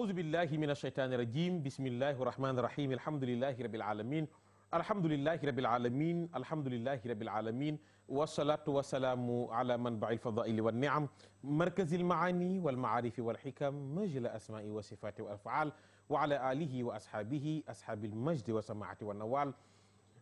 أعوذ بالله من الشيطان الرجيم بسم الله الرحمن الرحيم الحمد لله رب العالمين الحمد لله رب العالمين الحمد لله رب العالمين والصلاة والسلام على منبع الفضائل والنعم مركز المعاني والمعارف والحكم مجل أسماء وصفات والأفعال وعلى آله وأصحابه أصحاب المجد والسماعة والنوال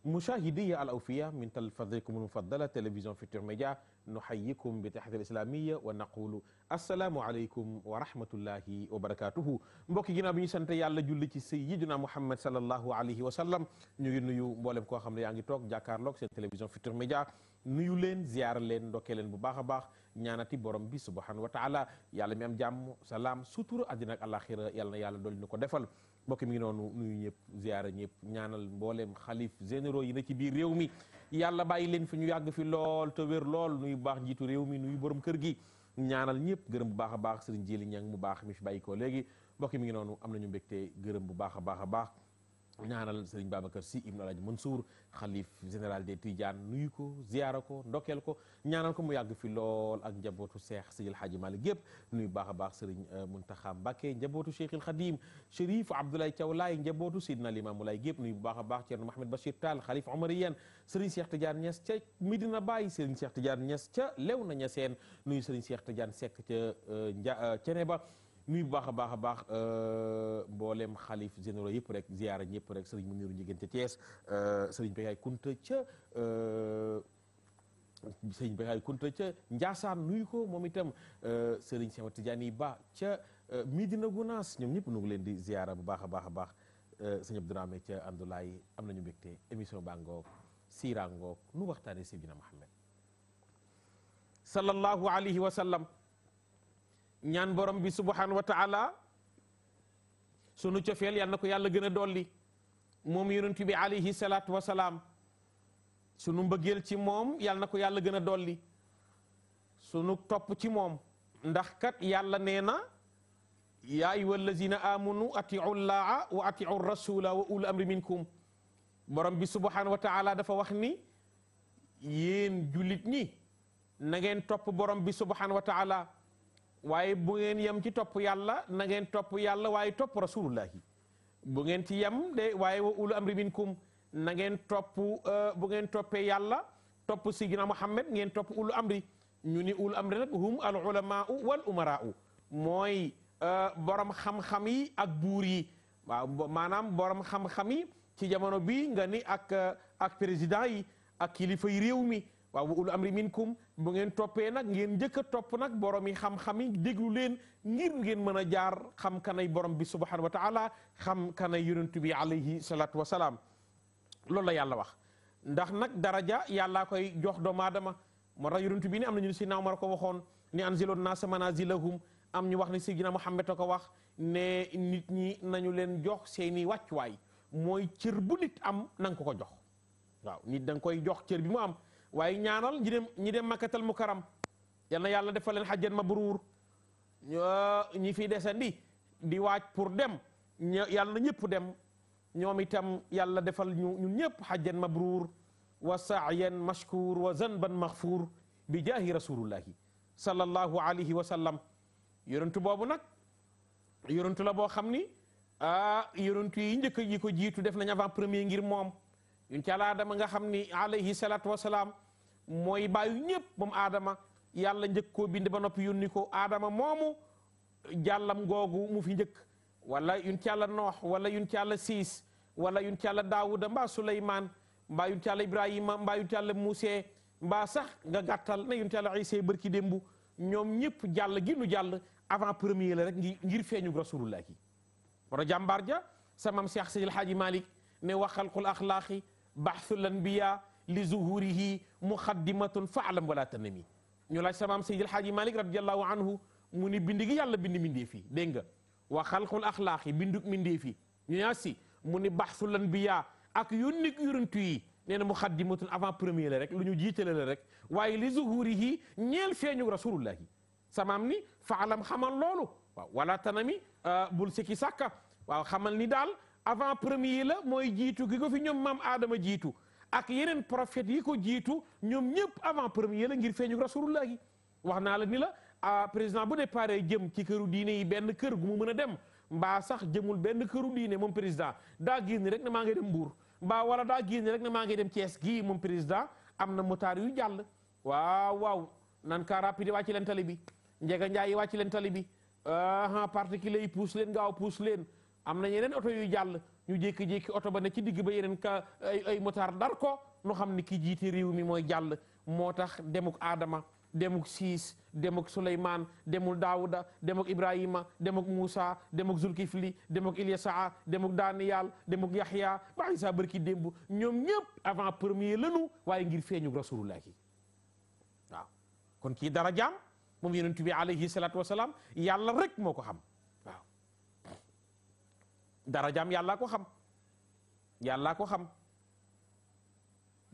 مشاهدي الأوفياء من تلفزيكم المفضلة تلفزيون فيتور ميديا nuxayikum bi taxiyatil islamiyya wa naqulu assalaamu aleykum wa rahmatullahi wa barakatuhu mbokki na bi ñu sant yàlla julli ci sayyidina muhammad sallallahu alayhi wa sallam ñu ngi nuyu mboolem koo xam ne yaa ngi toog jàkkaarloog seen télévision Futurs Médias nuyu leen ziyaar leen ndokkee leen bu baax a baax ñaanati borom bi subhanahu wa taala yàlla mi am jàmm salaam sutura àddina ak àlaxira yàlla na yàlla dool ñu ko defal mbokk mi ngi noonu nuyu ñëpp ziyaara ñëpp ñaanal mbooleem xalif généraux yi na ci biir réew mi yàlla bàyyi leen fi ñu yàgg fi lool te wér lool nuyu baax njiitu réew mi nuyu borom kër gi ñaanal ñëpp gërëm bu baax a baax sëriñ Jili Ñang mu baax mi fi bàyyi ko léegi mbokk mi ngi noonu am na nañu mbégte gërëm bu baax a baax a baax ñaanal sëriñ Babacar Sy Ibn Alaaji Mansour xalif général de Tidiane nuyu ko ziyaara ko ndokeel ko ñaanal ko mu yàgg fi lool ak njabootu Seex Sidil Haaji Maalik gépp nuyu baax a baax sëriñ euh, Muntaxa Mbàkke njabootu Cheikhil Khadim Chérif Abdoulaye Thiaw Laay njabootu Sidna Limaamu Laay gépp nuyu baax a baax Ceerno Mahamad Bachir Tall xalif Omariyen sëriñ Cheikh Tidiane Niass ca Medina Baye sëriñ Cheikh Tidiane Niass ca Léona Niassène nuyu sëriñ Cheikh Tidiane Seck ca Ceneba euh, euh, nuy baax a baax a baax euh, mboolem xalif généraux yëpp rek ziyaara ñëpp rek sëriñ Muniru Njigéen euh, ca Thiès euh, sëriñ Bekaay Kunta ca sëriñ Bekaay Kunta ca Njaasaan nuyu ko moom itam sëriñ Cheikh Tidiane Ba ca dina Gounass ñoom ñëpp nu ngi leen di ziyaara bu baax a baax a baax sëñ Abdourahmane ca Amdoulaye am nañu mbégte émission baa ngoog siira ngoog nu waxtaane Seydina Muhammad sallallahu alayhi wa ñaan borom bi subhanahu wa taala sunu cofeel yal na ko yàlla gën a dolli moom yonent bi alayhi salaatu wasalaam sunu mbëggeel ci moom yal na ko yàlla gën a dolli sunu topp ci moom ndax kat yàlla nee na yaa ayyuha allazina amanu atiu llaaha wa atiu rasula wa ul amri minkum borom bi subhanahu wa dafa wax ni yéen jullit ñi na ngeen topp borom bi subhanahu wa waaye bu ngeen yem ci topp yàlla na ngeen topp yàlla waaye topp rasulullahi bu ngeen ci yem de waaye wa ulu amri minkum na ngeen topp euh, bu ngeen toppee yàlla topp sidina Muhammad ngeen topp ulu amri ñu ni ulu amri nag hum al ulamaa wal umaraau mooy euh, borom xam-xam yi ak buur yi waaw maanaam borom xam-xam yi ci jamono bii nga ni ak euh, ak président yi ak kilifa yi réew mi waaw wa ulu amri minkum bu ngeen toppee nag ngeen njëkk topp nag borom yi xam-xam yi déglu leen ngir ngeen mën a jaar xam kanay borom bi subhanahu wa taala xam kanay yonent bi alayhi salaatu wa salaam loolu la yàlla wax ndax nag daraja yàllaa koy jox doomu aadama moo tax bi ne am na ñu si naaw mar ko waxoon ni anziloon naasa manazilahum am ñu wax ne Seydina xam a ko wax ne nit ñi nañu leen jox seeni wàccuwaay mooy cër bu nit am na ko ko jox waaw nit da koy jox cër bi mu am waaye ñaanal ñi dem ñi dem makkatal mukaram yal na yàlla defal leen xajjan mabruur ñi fi desandi di waaj pour dem yàlla na ñëpp dem ñoom itam yàlla defal ñu ñun ñëpp xajjan mabruur wa saayan mashkuur wa zanban maxfuur bi jaahi rasulullahi sallallahu alayhi wa sallam yonentu boobu nag yonentu la boo xam ni ah yonentu yi njëkk yi ko jiitu def nañ avant premier ngir moom yuñ allah àla adama nga xam ni alayhi salaatu wasalaam mooy bàyyu ñëpp moom aadama yàlla njëkk koo bind ba noppi yónni ko aadama moomu jàllam googu mu fi njëkk walla yuñ ci àlla noox wala yuñ ci àlla siis wala yuñ ci àlla daawuda mbaa suleymaan mbaa yuñ ci àlla ibrahima mbaa yuñ ci àlla muusee mbaa sax nga gàttal na yuñ ci àlla isa bërki ñoom ñëpp jàll gi nu jàll avant premier la rek ngir feeñu rasulullah ki war a jàmbaar ja sa baxsul anbiya li zuhurihi muqaddimatun faalam wala tanami ñu laaj samaam Seydi El Hadji Malick radiallahu anhu mu ni bind gi yàlla bind mindeef yi dégg nga wa xalqul axlaaq yi bindug mindeef yi ñu yaa si mu ni baxsul anbiya ak yónnig yuruntu yi nee na muqaddimatun avant premier la rek lu ñu jiitale la rek waaye li zuhurihi ñeel feeñu rasulullahi samaam ni faalam xamal loolu waaw wala tanami euh, bul sikki sàkka waaw xamal ni daal avant premier la mooy jiitu gi ko fi ñoom maam Adama jiitu ak yeneen prophètes yi ko jiitu ñoom ñëpp avant premier la ngir feeñu rasulullah yi wax naa la ni la ah président bu départ jëm ci këru diine yi benn kër gu mu mën a dem mbaa sax jëmul benn këru diine moom président daa génn rek ne maa ngi dem mbuur mbaa wala daa génn rek ne maa ngi dem Thiès gii moom président am na motaar yu jàll waaw waaw nan kaa rapide wàcc leen tali bi njega njaay yi wàcc leen tali bi ah, ah particulier yi pousse leen gaaw pousse leen. am na yeneen oto yuy jàll ñu jékki-jékki oto ba ne ci digg ba yeneen ka ay ay motar dar ko nu xam ni ki jiite réew mi mooy jàll moo tax demuk Adama demuk Siis demuk Suleymaan demuk Daawuda demuk Ibrahima demuk Muusa demuk Zulkifli demuk Ilyasaa demuk Daaniyal demuk Yaxya ba Isa barki démb ñoom ñëpp avant premier lanu waaye ngir feeñu rasulullah ki waaw kon kii dara jaam moom yonent bi alayhi salaatu wasalaam yàlla rek moo ko xam darajaam yàllaa ko xam yàllaa ko xam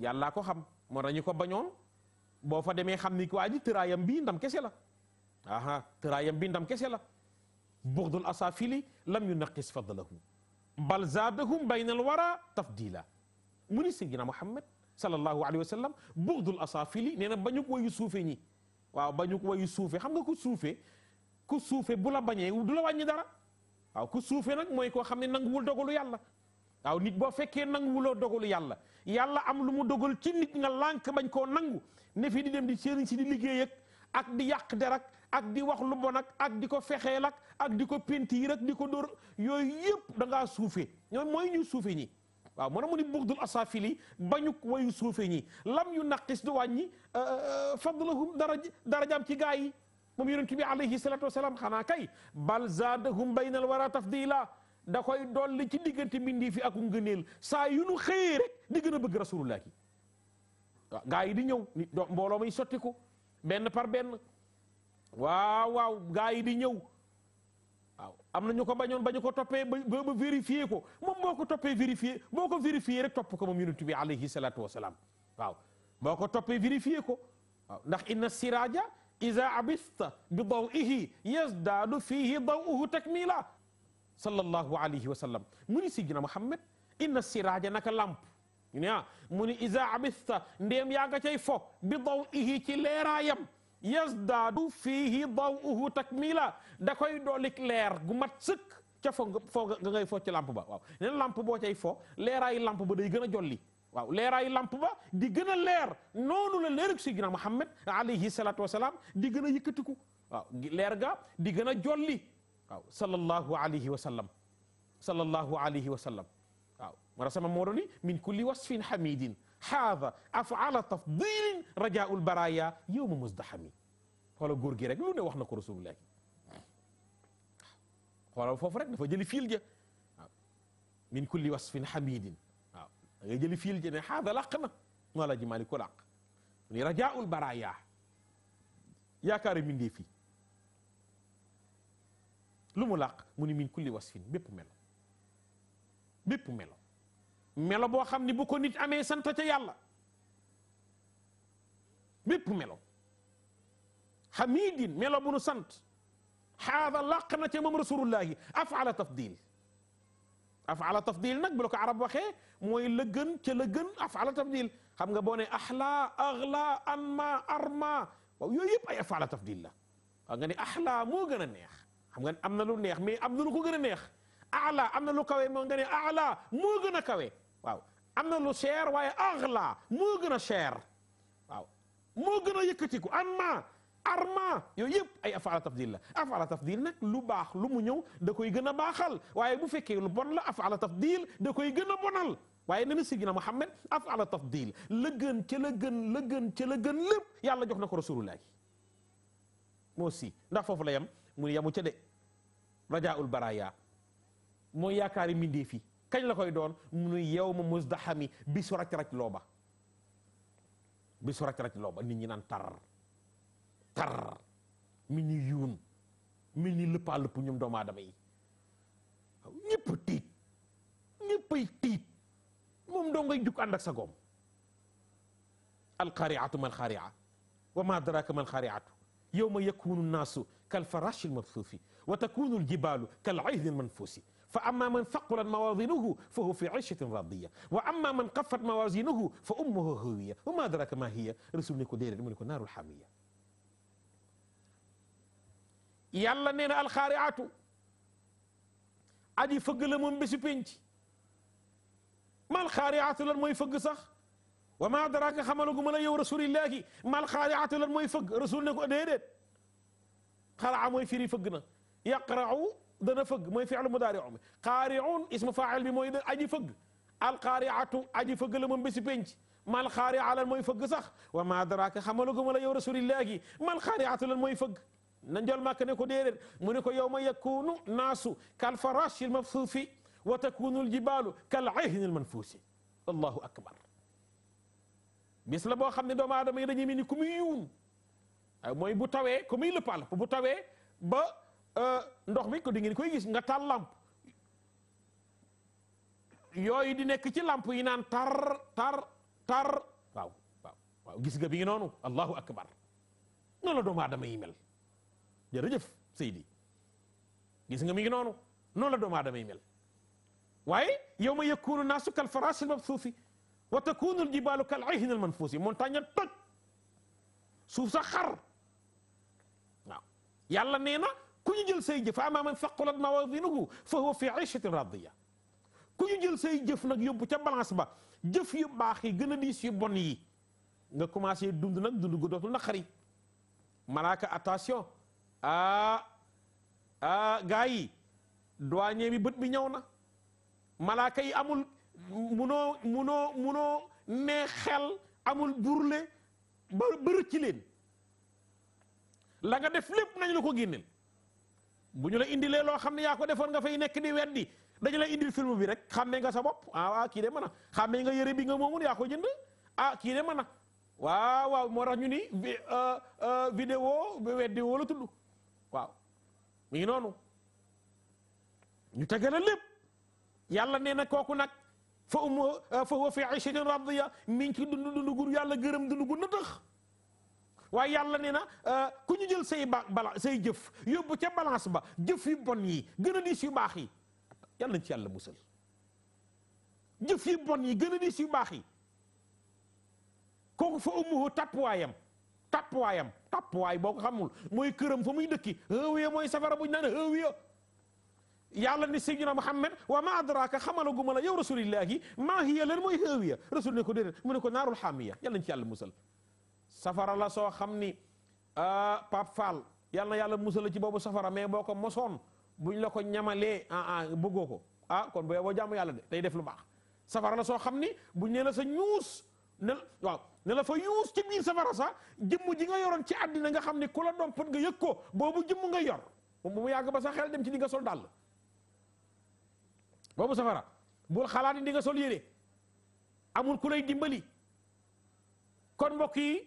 yàllaa ko xam moo ko bañoon boo fa demee xam ni waa ji tëraayam bii ndam kese la aha tëraayam ndam kese la buxdul asaafili lam yu naqis fadlahu bal zaadahum bayna al wara tafdila mu ni sayyidina Muhammad sallallahu alayhi wa sallam buxdul nee na bañu wayu suufe ñi waaw bañu wayu suufe xam nga ku suufe ku suufe bu la bañee du la wàññi dara waaw ku suufee nag mooy koo xam ne nanguwul dogalu yàlla waaw nit boo fekkee nanguwuloo dogalu yàlla yàlla am lu mu dogal ci nit nga lànk bañ koo nangu ne fi di dem di sëriñ si di liggéeyak ak di yàq der ak di wax lu bon ak ak di ko fexeel ak ak di ko pentiir ak di ko dóor yooyu yëpp da ngaa suufee ñoom mooy ñu suufee ñi waaw mën a mu ni bugdul asafili bañu wayu suufee ñi lam yu naqis du wàññi euh, euh, fadlahum daraj darajaam ci gaa yi moom yonent bi alayhi salatu wasalaam xanaa kay bal zaadahum baynal wara tafdila da koy dolli ci diggante mbindii fi ak ngëneel saa yu nu xëyee rek di bëgg rasulullah ki waaw yi di ñëw nit do mbooloo may sottiku benn par benn waaw waaw gaa yi di ñëw waaw am na ñu ko bañoon ba ko toppee ba ba vérifié ko moom boo ko toppee vérifié boo ko vérifié rek topp ko moom yonent bi alayhi salatu wasalaam waaw boo ko toppee vérifié ko waaw ndax inna siraja iza abista bi dawihi yazdaadu fihi dawuhu takmila sallallahu alayhi wa sallam mu ni sidina Muhammad inna siraaja naka lamp ñu ne ah iza abista ndéem yaa nga cay fo bi dawihi ci leeraayam yazdaadu fihi dawuhu takmila da koy doolik leer gu mat sëkk ca fo foo nga ngay fo ci lamp ba waaw lamp boo cay fo leeraayu lamp ba day gën a jolli waaw leeraayu lamp ba di gën a leer noonu la leerug Seydina Muhammad alayhi salaatu wa salaam di gën a yëkkatiku waaw leer ga di gën a jolli waaw sallallahu alayhi wa sallam sallallahu alayhi wa sallam waaw mara sama moo doon ni min kulli wasfin hamidin haada afala tafdilin rajaul baraya yowma musdahami xoola góor gi rek lu ne wax na ko rasulullah xoola foofu rek dafa jëli fiil ja waaw min kulli wasfin hamidin da ngay jëli fiil ji ne xaada làq na moo la ji maa ni ko làq mu ni rajaul baraya yaakaar mi ngi fi lu mu làq mu ni min kulli wasfin bépp melo bépp melo melo boo xam ni bu ko nit amee sant ca yàlla bépp melo xamidin melo bu nu sant xaada làq na ca moom rasulullahi afala tafdil afala tafdil nag bu la ko arab waxee mooy la gën ca la gën afala tafdil xam nga boo ne axlaa axla arma waaw yooyu yëpp ay afala tafdil la waaw nga ne axlaa gën a neex xam nga am na lu neex mais am na lu ko gën a neex ala am na lu kawe moo nga ne gën a kawe waaw na lu cher waaye axla moo gën a cher waaw gën a yëkkatiku anma arma yooyu yëpp ay afaala tafdil la afaala tafdil nag lu baax lu mu ñëw da koy gën a baaxal waaye bu fekkee lu bon la afaala tafdil da koy gën a bonal waaye nee na Sidina Muhammad afaala tafdil la gën ca la gën la gën ca la gën yàlla jox na ko rasulullah moo si ndax foofu la yam mu yamu ca de rajaul baraya mooy yaakaari mbindee fi kañ la koy doon munu yow ma musdaxami bisu rac-rac looba bisu rac-rac nit ñi naan tar mel ni yuun mel ni lëppaa lëpp ñoom doomu aadama yi waaw ñëpp tiit ñëppay tiit moom doo ngay jug ànd ak sa goom alxaariatu mal xaaria wa ma adraka mal xaariatu yowma yakunu naasu kal farashi lmabsuufi wa takunu aljibalu kal aydi almanfuusi fa amma man faqulat mawazinuhu fa huwa fi ishatin radiya wa amma man xafat mawazinuhu fa ummuhu hawiya wa ma adraka ma hiya rasul ne ko déedéet mu ne ko naarul xamiya yàlla nee na alxaariatu aji fëgg la moom bésu pénc ma alxaariatu lan mooy fëgg sax wa ma daraaka xamalagu ma la yow rasulillahi ma alxaariatu lan mooy fëgg rasul ne ko déedéet xaraa mooy firi fëgg na yaqrau dana fëgg mooy fiilu mudaariu bi xaariun ismu faa'il bi mooy aji fëgg alxaariatu aji fëgg la moom bésu pénc mal xaari'a lan mooy fëgg sax wa ma daraaka xamalagu ma la yow rasulillahi mal xaariatu lan mooy fëgg na njol màkk ne ko déedéet mu ne ko yawma yakunu naasu kal farashi lmabsuufi wa takunu ljibaalu kal ayhni lmanfuusi allahu akbar bis la boo xam ne doomu aadama yi dañuy mel ni ku muy bu tawee ku muy bu tawee ba euh, ndox mi ko di ngeen koy gis nga taal lamp yooyu di nekk ci lamp yi naan tar tar tar waaw gis nga bi ngi noonu allahu akbar noonu la doomu aadama yi jërëjëf Seydi gis nga mi ngi noonu noonu la doomu aadama yi mel waaye yow ma yakunu naasu kal faraasil mabsuusi wa takunu al jibaalu kal ihni al manfuusi montagne toj suuf sa xar na ku jël say jëf fa amaa man thaqulat mawaaziinuhu fa huwa fi iishatin raadiya ku jël say jëf nag yóbbu ca balance ba jëf yu baax yi gën a diis bon yi nga commencé dund nag dund gu dootul malaaka attention ah ah gars yi douanier bi bët bi ñëw na malaaka yi amul munoo munoo munoo ne xel amul burle ba bërë ci leen la nga def lépp nañ la ko génneel bu ñu la indilee loo xam ne yaa ko defoon nga fay nekk di weddi dañu la indil film bi rek xam xàmmee nga sa bopp ah waaw ah, kii de mën a xàmmee nga yëre bi nga moomul yaa ko jënd ah kii de mana a waaw waaw moo tax ñu ni euh, euh, vidéo weddi woo la tudd waaw mi ngi noonu ñu tegal lépp yàlla nee na kooku nag fa um euh, fa huwa fi ishatin radiya mi ngi ci dund dund gu yàlla gërëm dund gu nëtëx waaye yàlla nee na euh, ku ñu jël say say jëf yóbbu ca balance ba jëf yu bon yi gën a diis yu baax yi yàlla nañ ci yàlla musal jëf yu bon yi gën a diis yu baax yi kooku fa umuhu tàppuwaayam tappuwaayam tappuwaay boo ko xamul mooy këram fa muy dëkki hëwiya mooy safara buñ naan hëwiya yàlla ni sayyidina Muhammad wa ma adraka xamalaguma la yow rasulillahi maa hiya lan mooy hëwiya rasul ne ko déedéet mu ne ko naarul xaamiya yàlla ci yàlla musal safara la soo xam ni ah, Pape Fall yàlla na yàlla musal ci boobu safara mais boo ko mosoon buñ la ko ñamalee ah ah bëggoo ko ah kon boo boo jàmm yàlla de tey def lu baax safara la soo xam ni buñ la sa ñuus ne ne la fa yuus ci biir safara sax jëmm ji nga yoroon ci àddina nga xam ne ku la dompat nga yëg ko boobu jëmm nga yor moom yàgg ba sa xel dem ci di nga sol dàll boobu safara bul xalaat ni di nga sol yére amul ku lay dimbali kon mbokk yi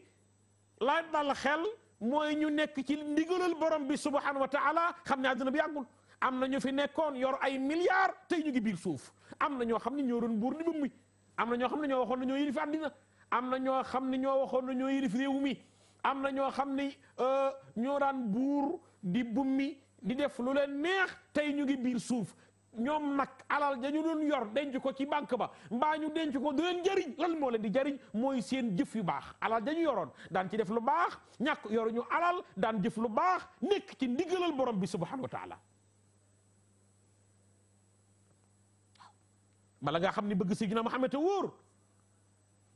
laay dal xel mooy ñu nekk ci ndigalal borom bi subhanahu wa taala xam ne àddina bi yàggul am na ñu fi nekkoon yor ay milliards tey ñu ngi biir suuf am na ñoo xam ni ñoo doon buur ni ba muy am na ñoo xam ne ñoo waxoon na ñ yilif àddina am na ñoo xam ne ñoo waxoon na ñoo yilif mi am na ñoo xam ne euh, ñoo daan buur di bummi di def lu leen neex tey ñu ngi biir suuf ñoom nag alal dañu doon yor denc ko ci banque ba mbaa ñu denc ko du leen la lan moo leen di jariñ mooy seen jëf yu baax alal dañu yoroon daan ci def lu baax ñàkk ñu alal daan jëf lu baax nekk ci ndigalal borom bi subhanahu wa taala bala nga xam ni bëgg Sayyidina Muhammad te wóor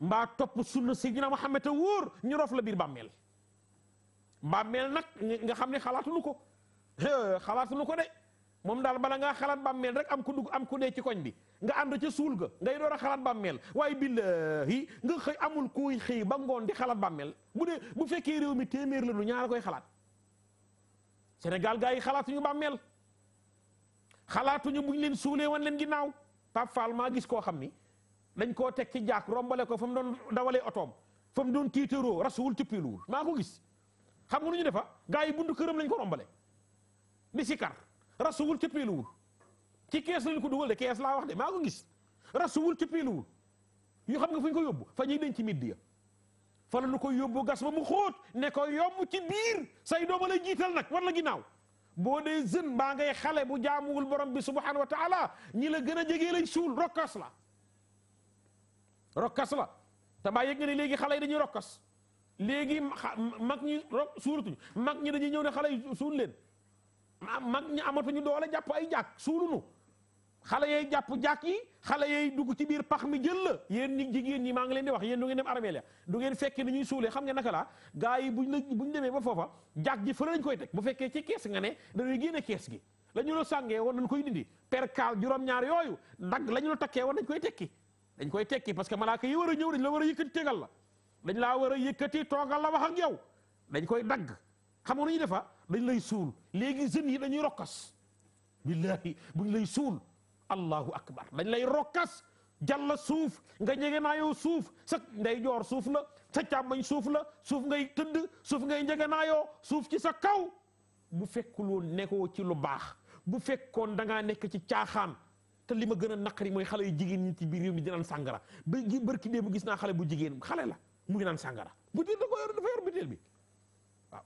mbaa topp sunna Seydina Muhammad te wóor ñu rof la biir bàmmeel bàmmeel nag nga xam ne xalaatuñu ko xalaatuñu ko de moom daal bala ngaa xalaat bàmmeel rek am ku dugg am ku dee ci koñ bi nga ànd ca suul ga ngay door a xalaat bàmmeel nga xëy amul ba ngoon di xalaat bàmmeel bu dee bu fekkee réew mi téeméer la ñu ñaara koy xalaat Sénégal gaa yi xalaatuñu bàmmeel xalaatuñu buñ leen suulee wan leen ginnaaw Pape Fall maa gis koo xam ni dañ koo teg ci jaak rombale ko fa mu doon dawalee otoom fa mu doon tiitaroo rasuwul tippiluwul maa ko gis xam nga nu ñu defa gaa yi buntu këram lañ ko rombale di sikar rasuwul tippiluwul ci kees lañ ko dugal de kees laa wax de maa ko gis rasuwul tippiluwul yu xam nga fu ñu ko yóbbu fa ñuy denc ci ya fa la ñu ko yóbbu gas ba mu xoot ne ko yomb ci biir say dooma lay jiital nag war la ginnaaw boo dee jeune mbaa ngay xale bu jaamuwul borom bi subhanahu wa taala ñi la gën a jegee lañ suul rokkas la rokkas la te mbaa yëg nga ne léegi xale yi dañuy rokkas léegi mag ñi rok suuratuñu mag ñi dañuy ñëw ne xale yi suul leen mag ñu ñi amatuñu doole jàpp ay jàkk suulunu xale yay jàpp jàkk yi xale yooyu dugg ci biir pax mi jël la yéen ñi jigéen ñi maa ngi leen di wax yéen du ngeen dem armée la du ngeen fekkee ni suulee xam nga naka laa gars yi buñ la buñ demee ba foofa jàkk ji fële lañ koy teg bu fekkee ci kees nga ne dañuy génne kees gi la ñu la sàngee woon nañ koy dindi perkaal juróom-ñaar yooyu dagg la ñu la takkee koy tekki dañ koy tekki parce que malaaka yi war a ñëw dañ la war a yëkkati tegal la dañ laa war a yëkkati toogal la wax ak yow dañ koy dagg xam nga nu ñuy defa dañ lay suul léegi jeunes yi dañuy rokkas billahi buñ lay suul allahu akbar dañ lay rokkas jàlla suuf nga jege naa yow suuf sa nday joor suuf la sa càmmañ suuf la suuf ngay tëdd suuf ngay jege naa yow suuf ci sa kaw bu fekkuloo nekkoo ci lu baax bu fekkoon da ngaa nekk ci caaxaan te li ma gën a naqari mooy xale yu jigéen ñi ci biir réew mi di naan sàngara ba bërki dee bu gis naa xale bu jigéen xale la mu ngi naan sàngara butéel da ko yor dafa yor butéel bi waaw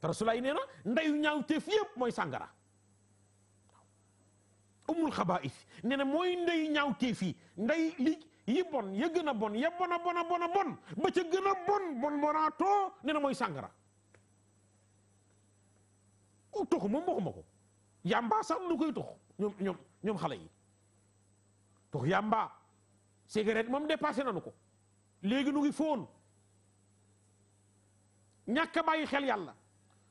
te rasulaay nee na ndeyu ñaaw teef mooy sàngara umul xabaa'is nee na mooy ñaaw teef yi ndey li yi bon ya gën a bon ya bon a bon a bon a bon ba gën a bon bon bonaatoo nee na mooy sàngara u toxu moom waxuma ko yàmbaa sax lu koy tox ñoom ñoom xale yi tux yàmba cigarette moom dépassé nanu ko léegi nu ngi fóon ñàkk bàyyi xel yàlla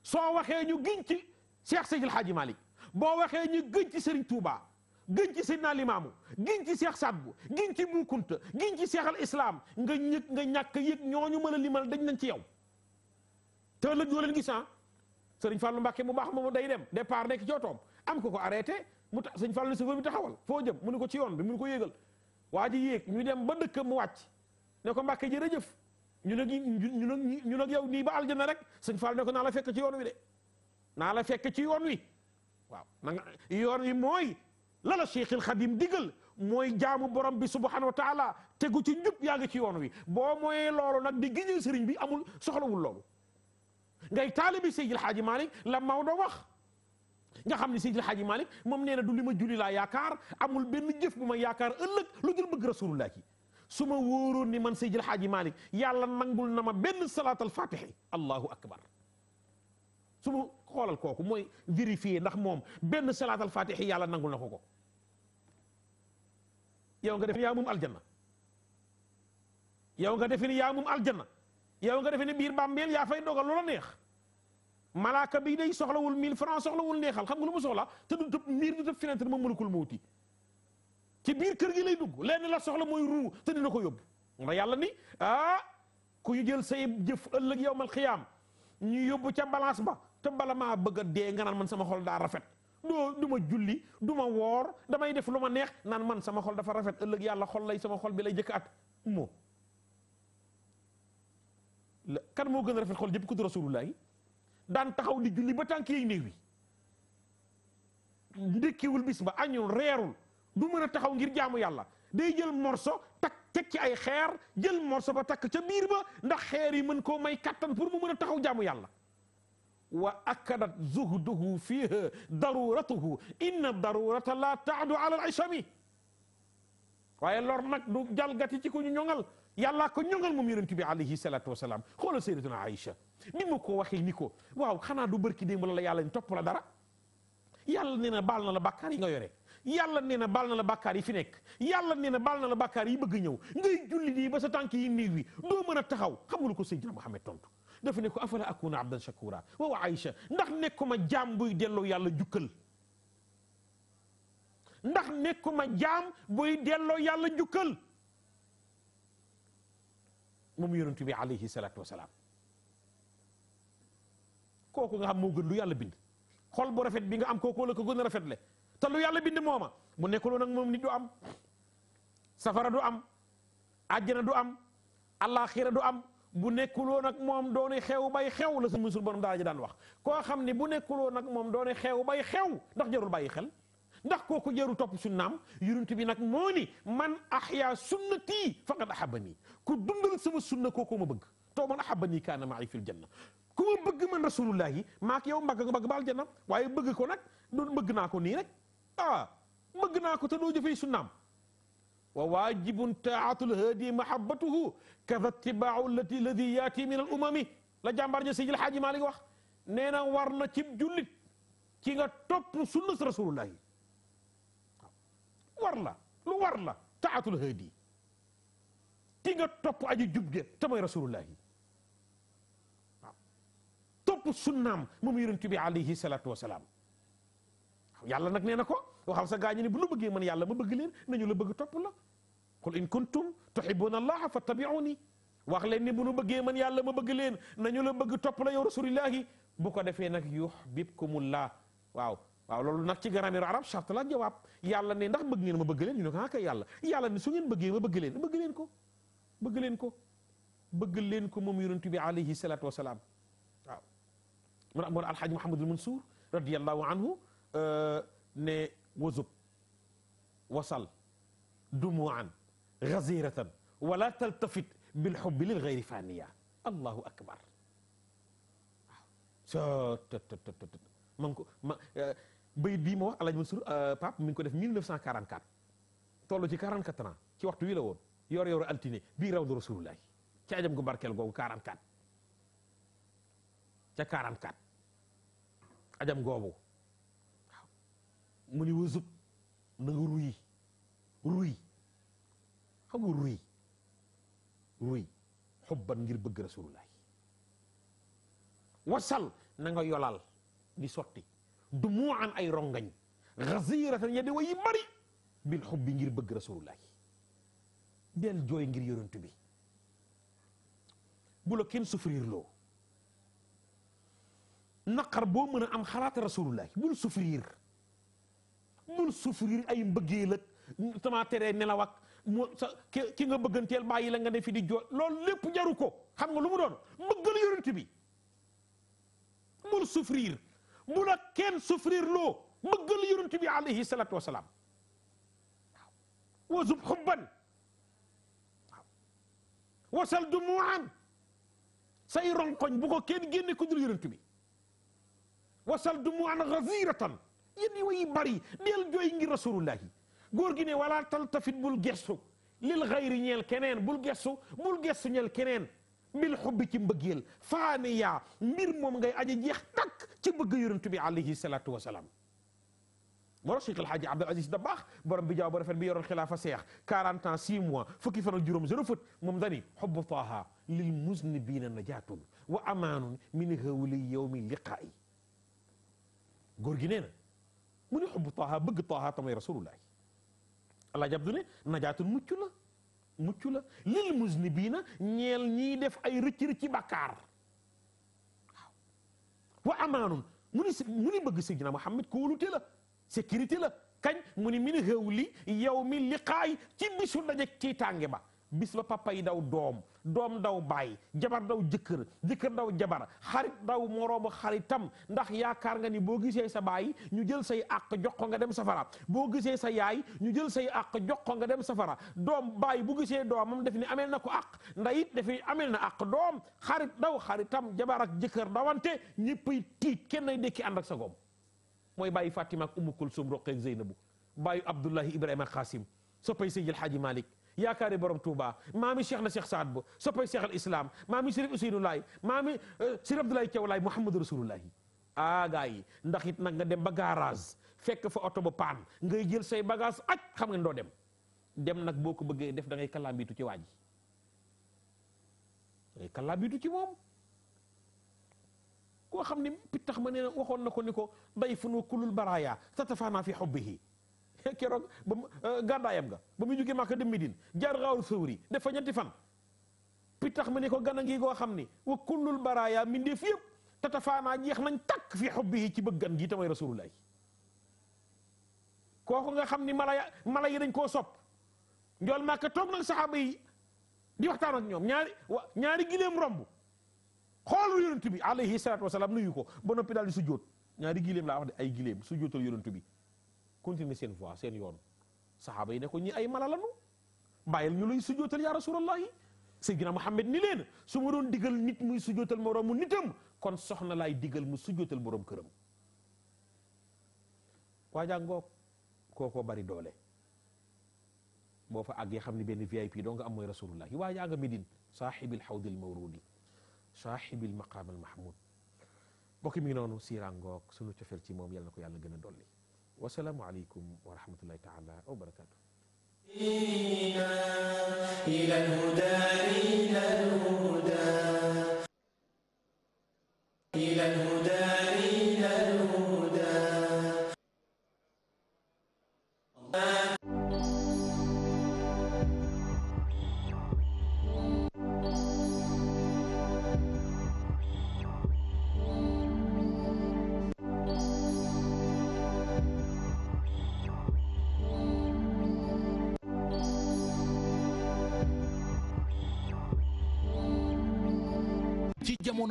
soo waxee ñu giñ ci Cheikh Seydil Hadji Malick boo waxee ñu giñ ci Serigne Touba giñ ci Seydina Limaamu giñ ci Cheikh Sadbu giñ ci Boukounta giñ ci Cheikh nga ñëkk nga ñàkk yëg ñooñu mën a limal dañ nañ ci yow te ëllëg yoo leen gis ah Serigne Fallou Mbacké mu baax moomu day dem départ nekk ci otoom am ko ko arrêté mu tax sëñ Fallou chauffeur bi taxawal foo jëm mu ne ko ci yoon bi mu ko yéegal waa ji yéeg ñu dem ba dëkk mu wàcc ne ko Mbàkke jërëjëf ñu nag ñu ñu nag yow nii ba aljana rek sëñ Fallou nekko naa la fekk ci yoon wi de naa la fekke ci yoon wi waaw na yoon wi mooy la la Cheikhul Khadim mooy jaamu borom bi subhanahu wa taala tegu ci njub yaa ngi ci yoon wi boo mooyee loolu nag di giñal sëriñ bi amul soxlawul loolu ngay taalibi Seydil Hadji Malick la Maodo wax nga xam ne Seydil Hadji Malick moom nee na du li ma julli laa yaakaar amul benn jëf bu ma yaakaar ëllëg lu dul bëgg rasulullah ki su ma wóoroon ni man Seydil Hadji Malick yàlla nangul na ma benn salaatal fatihi allahu akbar su ma xoolal kooku mooy vérifier ndax moom benn salaatal fatihi yàlla nangul na ko ko yow nga def ni yaa moom aljanna yow nga defe ni yaa moom aljanna yow nga defe ni biir bàmmeel yaa fay dogal loola neex malaaka bi day soxlawul 1000 francs soxlawul neexal xam nga lu mu soxla te du tëb miir du tëb fenêtre moom mënukul mawti ci biir kër gi lay dugg lenn la soxla mooy ruu te dina ko yóbbu ndax yàlla ni ah ku jël say jëf ëllëg yowmal xiyaam ñu yóbbu ca balance ba te bala maa bëgg dee nga naan man sama xol daa rafet doo du ma julli du ma woor damay def lu ma neex naan man sama xol dafa rafet ëllëg yàlla xol lay sama xol bi lay jëkk at moo kan moo gën a rafet xol jëpp ko du rasulullah daan taxaw di julli ba tànk yi néew yi ndékkiwul bis ba añul reerul du mën a taxaw ngir jaamu yàlla day jël morso takk teg ci ay xeer jël morso ba takk ca biir ba ndax xeer yi mën koo may kattan pour mu mën a taxaw jaamu yàlla wa akadat zuhduhu fiha daruratuhu inna darurata la taadu ala al ishami waaye lor nag du jalgati ci ko ñu ñoŋal yàllaa ko ñoŋal moom yonent bi alayhi salatu wasalaam xoolal sayyidatuna Aïcha ni ma ko waxee ni ko waaw xanaa du bërki démb la la yàlla ni topp la dara yàlla nee na baal na la bàkkaar yi nga yore yàlla nee na baal na la bàkkaar yi fi nekk yàlla nee na baal na la bàkkaar yi bëgg ñëw ngay julli nii ba sa tànk yi néew wi doo mën a taxaw xam nga lu ko Seydina Muhammad tontu dafa ne ko afala akuna abdan shakura waaw Aïcha ndax nekkuma jaam buy delloo yàlla jukkal ndax ma jaam buy delloo yàlla njukkal moom yonent bi alayhi kooku nga xam moo gën lu yàlla bind xol bu rafet bi nga am kooku la ko gën a rafet le te lu yàlla bind mooma mu nekkul nag moom nit du am du am àjjana du am àllaaxira du am bu nekkuloo nag moom doone xew bay xew la su bon borom daal daan wax koo xam ne bu nekkuloo nag moom doone xew bay xew ndax jarul bàyyi xel ndax kooku jaru topp sunnaam yonent bi nag moo ni man ahya sunnati faqad ahabani ku dundal sama sunna kooku ma bëgg too man ahabani kaana maay fil janna ku ma bëgg man rasulullah yi maak yow mbagg nga mbagg baal janam waaye bëgg ko nag doon bëgg naa ko nii rek ah bëgg naa ko te doo jëfee sunnaam wa waajibun taatul haadi mahabatuhu kada tibaau allati alladi yaati min al umami la jàmbaar ja Seydil Xaaji Maalik wax nee na war na cib jullit ci nga topp sunna si rasulullah yi war la lu war la taatul haadi ci nga topp aji jub ja te mooy rasulullah yi topp sunnaam moom yonent bi alayhi salaatu wasalaam yàlla nag nee na ko waxal sa gaañu ne bu nu bëggee man yàlla ma bëgg leen nañu la bëgg topp la qul in kuntum tuhibbuna allaha fattabi'uni wax leen ni bu nu bëggee man yàlla ma bëgg leen nañu la bëgg topp la yow rasulillahi bu ko defee nag yuhbibkumullah waaw waaw loolu nag ci grammaire arab charte la jawaab yàlla ne ndax bëgg ngeen ma bëgg leen ñu ne ko ah kay yàlla yàlla ne su ngeen bëggee ma bëgg leen bëgg leen ko bëgg leen ko bëgg leen ko moom yonent bi alayhi salaatu wasalaam mu tax moon alxaaj Mouhamadul Mansour radiallahu anhu euh, ne wazub wasal dumuan gaziratan wala taltafit bilxubbi lil gayri faniya allahu akbar waaw soo tëtëtëtët ma ngi ko ma euh, bayit bii ma wax alxaaj Mansour euh, Pape mi ngi ko def 1944 toll ci 44 ans ci waxtu wi la woon yor-yoru altine bii raw du rasulullahi ci ajam gu barkeel googu 44 ca 44 ajam goobu waaw mu ni wasub na nga ruy ruy xam ruy xubban ngir bëgg rasulullah wasal na nga yolal di sotti du mu am ay rongañ xasiratan ya di wayi mari bil xub bi ngir bëgg rasulullah del jooy ngir yonent bi bu kenn souffrir naqar boo mën a am xalaat rasulullah bul souffrir bul souffrir ay mbëggeel ak sama teree nelaw ak mu sa ki nga bëgganteel bàyyi la nga ne fi di joo lool lépp jaru ko xam nga lu mu doon mbëggal yonent bi bul souffrir bu kenn souffrir loo mbëggal yonent bi alayhi salatu wasalaam waaw wasub xubban waaw wasal dumuan say ronkoñ bu ko kenn génne ko dul yonent bi wasal dumu an gaziratan yéen ñi way bari del jooy ngir rasulullahi góor gi ne wala taltafit bul gersu lil xayri ñeel keneen bul gersu bul gersu keneen bil xubbi ci mbëggeel faane yaa mbir moom ngay aja jeex takk ci bëgg yonent bi alayhi salaatu wasalaam moo tax Cheikh El Hadj Abdoul Aziz Dabakh borom bi jaaw ba rafet bi yoroon xilaafa seex 40 ans 6 fukki fan ak juróom zéro fët moom dani xubbu taaha lil musnibiina najaatun wa amaanun min hawli yowmi liqaayi góor gi nee taaha bëgg taaha tamay rasulullah alaaji abdu najaatun mucc la mucc la lil musnibiina ñeel ñiy def ay rëcc rëcc bàkkaar waaw wa amaanun mu ni mu ni bëgg sayyidina Muhammad kóolute la sécurité la kañ mu min hawli yow mi liqaay ci bisu daje ci tànge ba bis ma papa yi daw doom doom daw baay jabar daw jëkkër jëkkër daw jabar xarit daw moroomu xaritam ndax yaakaar nga ni boo gisee sa baay ñu jël say àq jox ko nga dem safara boo gisee sa yaay ñu jël say àq jox ko nga dem safara doom baay bu gisee doomam def ni ameel na ko àq ndayit def ni ameel na àq doom xarit daw xaritam jabarak ak jëkkër dawante ñëppay tiit kenn ay dekki ànd ak sa goom mooy bàyyi Fatima ak Umu Kulsum Roqeeg Zeynabu bàyyi Abdullahi Ibrahima Xaasim soppay Seydil Xaaji Malik yaakaar yaakaari borom Touba maami Cheikh na Cheikh Saad Bou soppay Cheikh al Islam maami Chérif Ousseynou Laay maami Chérif euh, Abdoulaye Thiaw Laay Mouhamadou Rasulullahi ah gaa yi ndaxit it nag nga dem ba garage fekk fa oto ba paan ngay jël say bagaas aj xam nga doo dem dem nag boo ko bëggee def da ngay kalambitu ci waa ji da ngay kalambitu ci moom koo xam ne tax ma nee waxoon na ko ni ko day fu nu kulul sa tatafaana fi xubbihi keroog ba mu euh, gàddaayam nga ba mu jógee Màkka dem Medine jaar raawul sawri fa ñetti fan ne ko gana ngi koo xam ni wa kullul baraaya mindeef yëpp tatafaanaa jeex nañ takk fi xubbi ci bëggan gi tamay rasulullahi nga xam ni mala mala yi dañ koo sopp njool Màkka toog nag saxaaba yi di waxtaan ak ñoom ñaari wa ñaari gileem romb xool yonent bi alayhi salaatu wasalaam nuyu ko ba noppi daal di sujjóot ñaari gileem laa wax de ay gileem sujjóotal yonent bi continuer seen voie seen yoon saxaaba yi ne ko ñi ay mala lanu bàyyil ñu lay sujootal yaa rasulallahi sayyidina Muhammad ni leen su ma doon digal nit muy sujootal moroomu nitam kon soxna laay digal mu sujootal moroom këram waajaa ngoog kookoo bari doole moo fa àggee xam ne benn VIP doo nga am mooy rasulullahi waajaa nga Médine saaxibil xawdil mawrudi saaxibil maqaamal mahmud mbokk mi ngi noonu siira ngoog sunu cofeel ci moom yal na ko yàlla gën a dolli wasalaamu aleykum wa rahmatullahi taala wa barakatu ila alhuda ila alhuda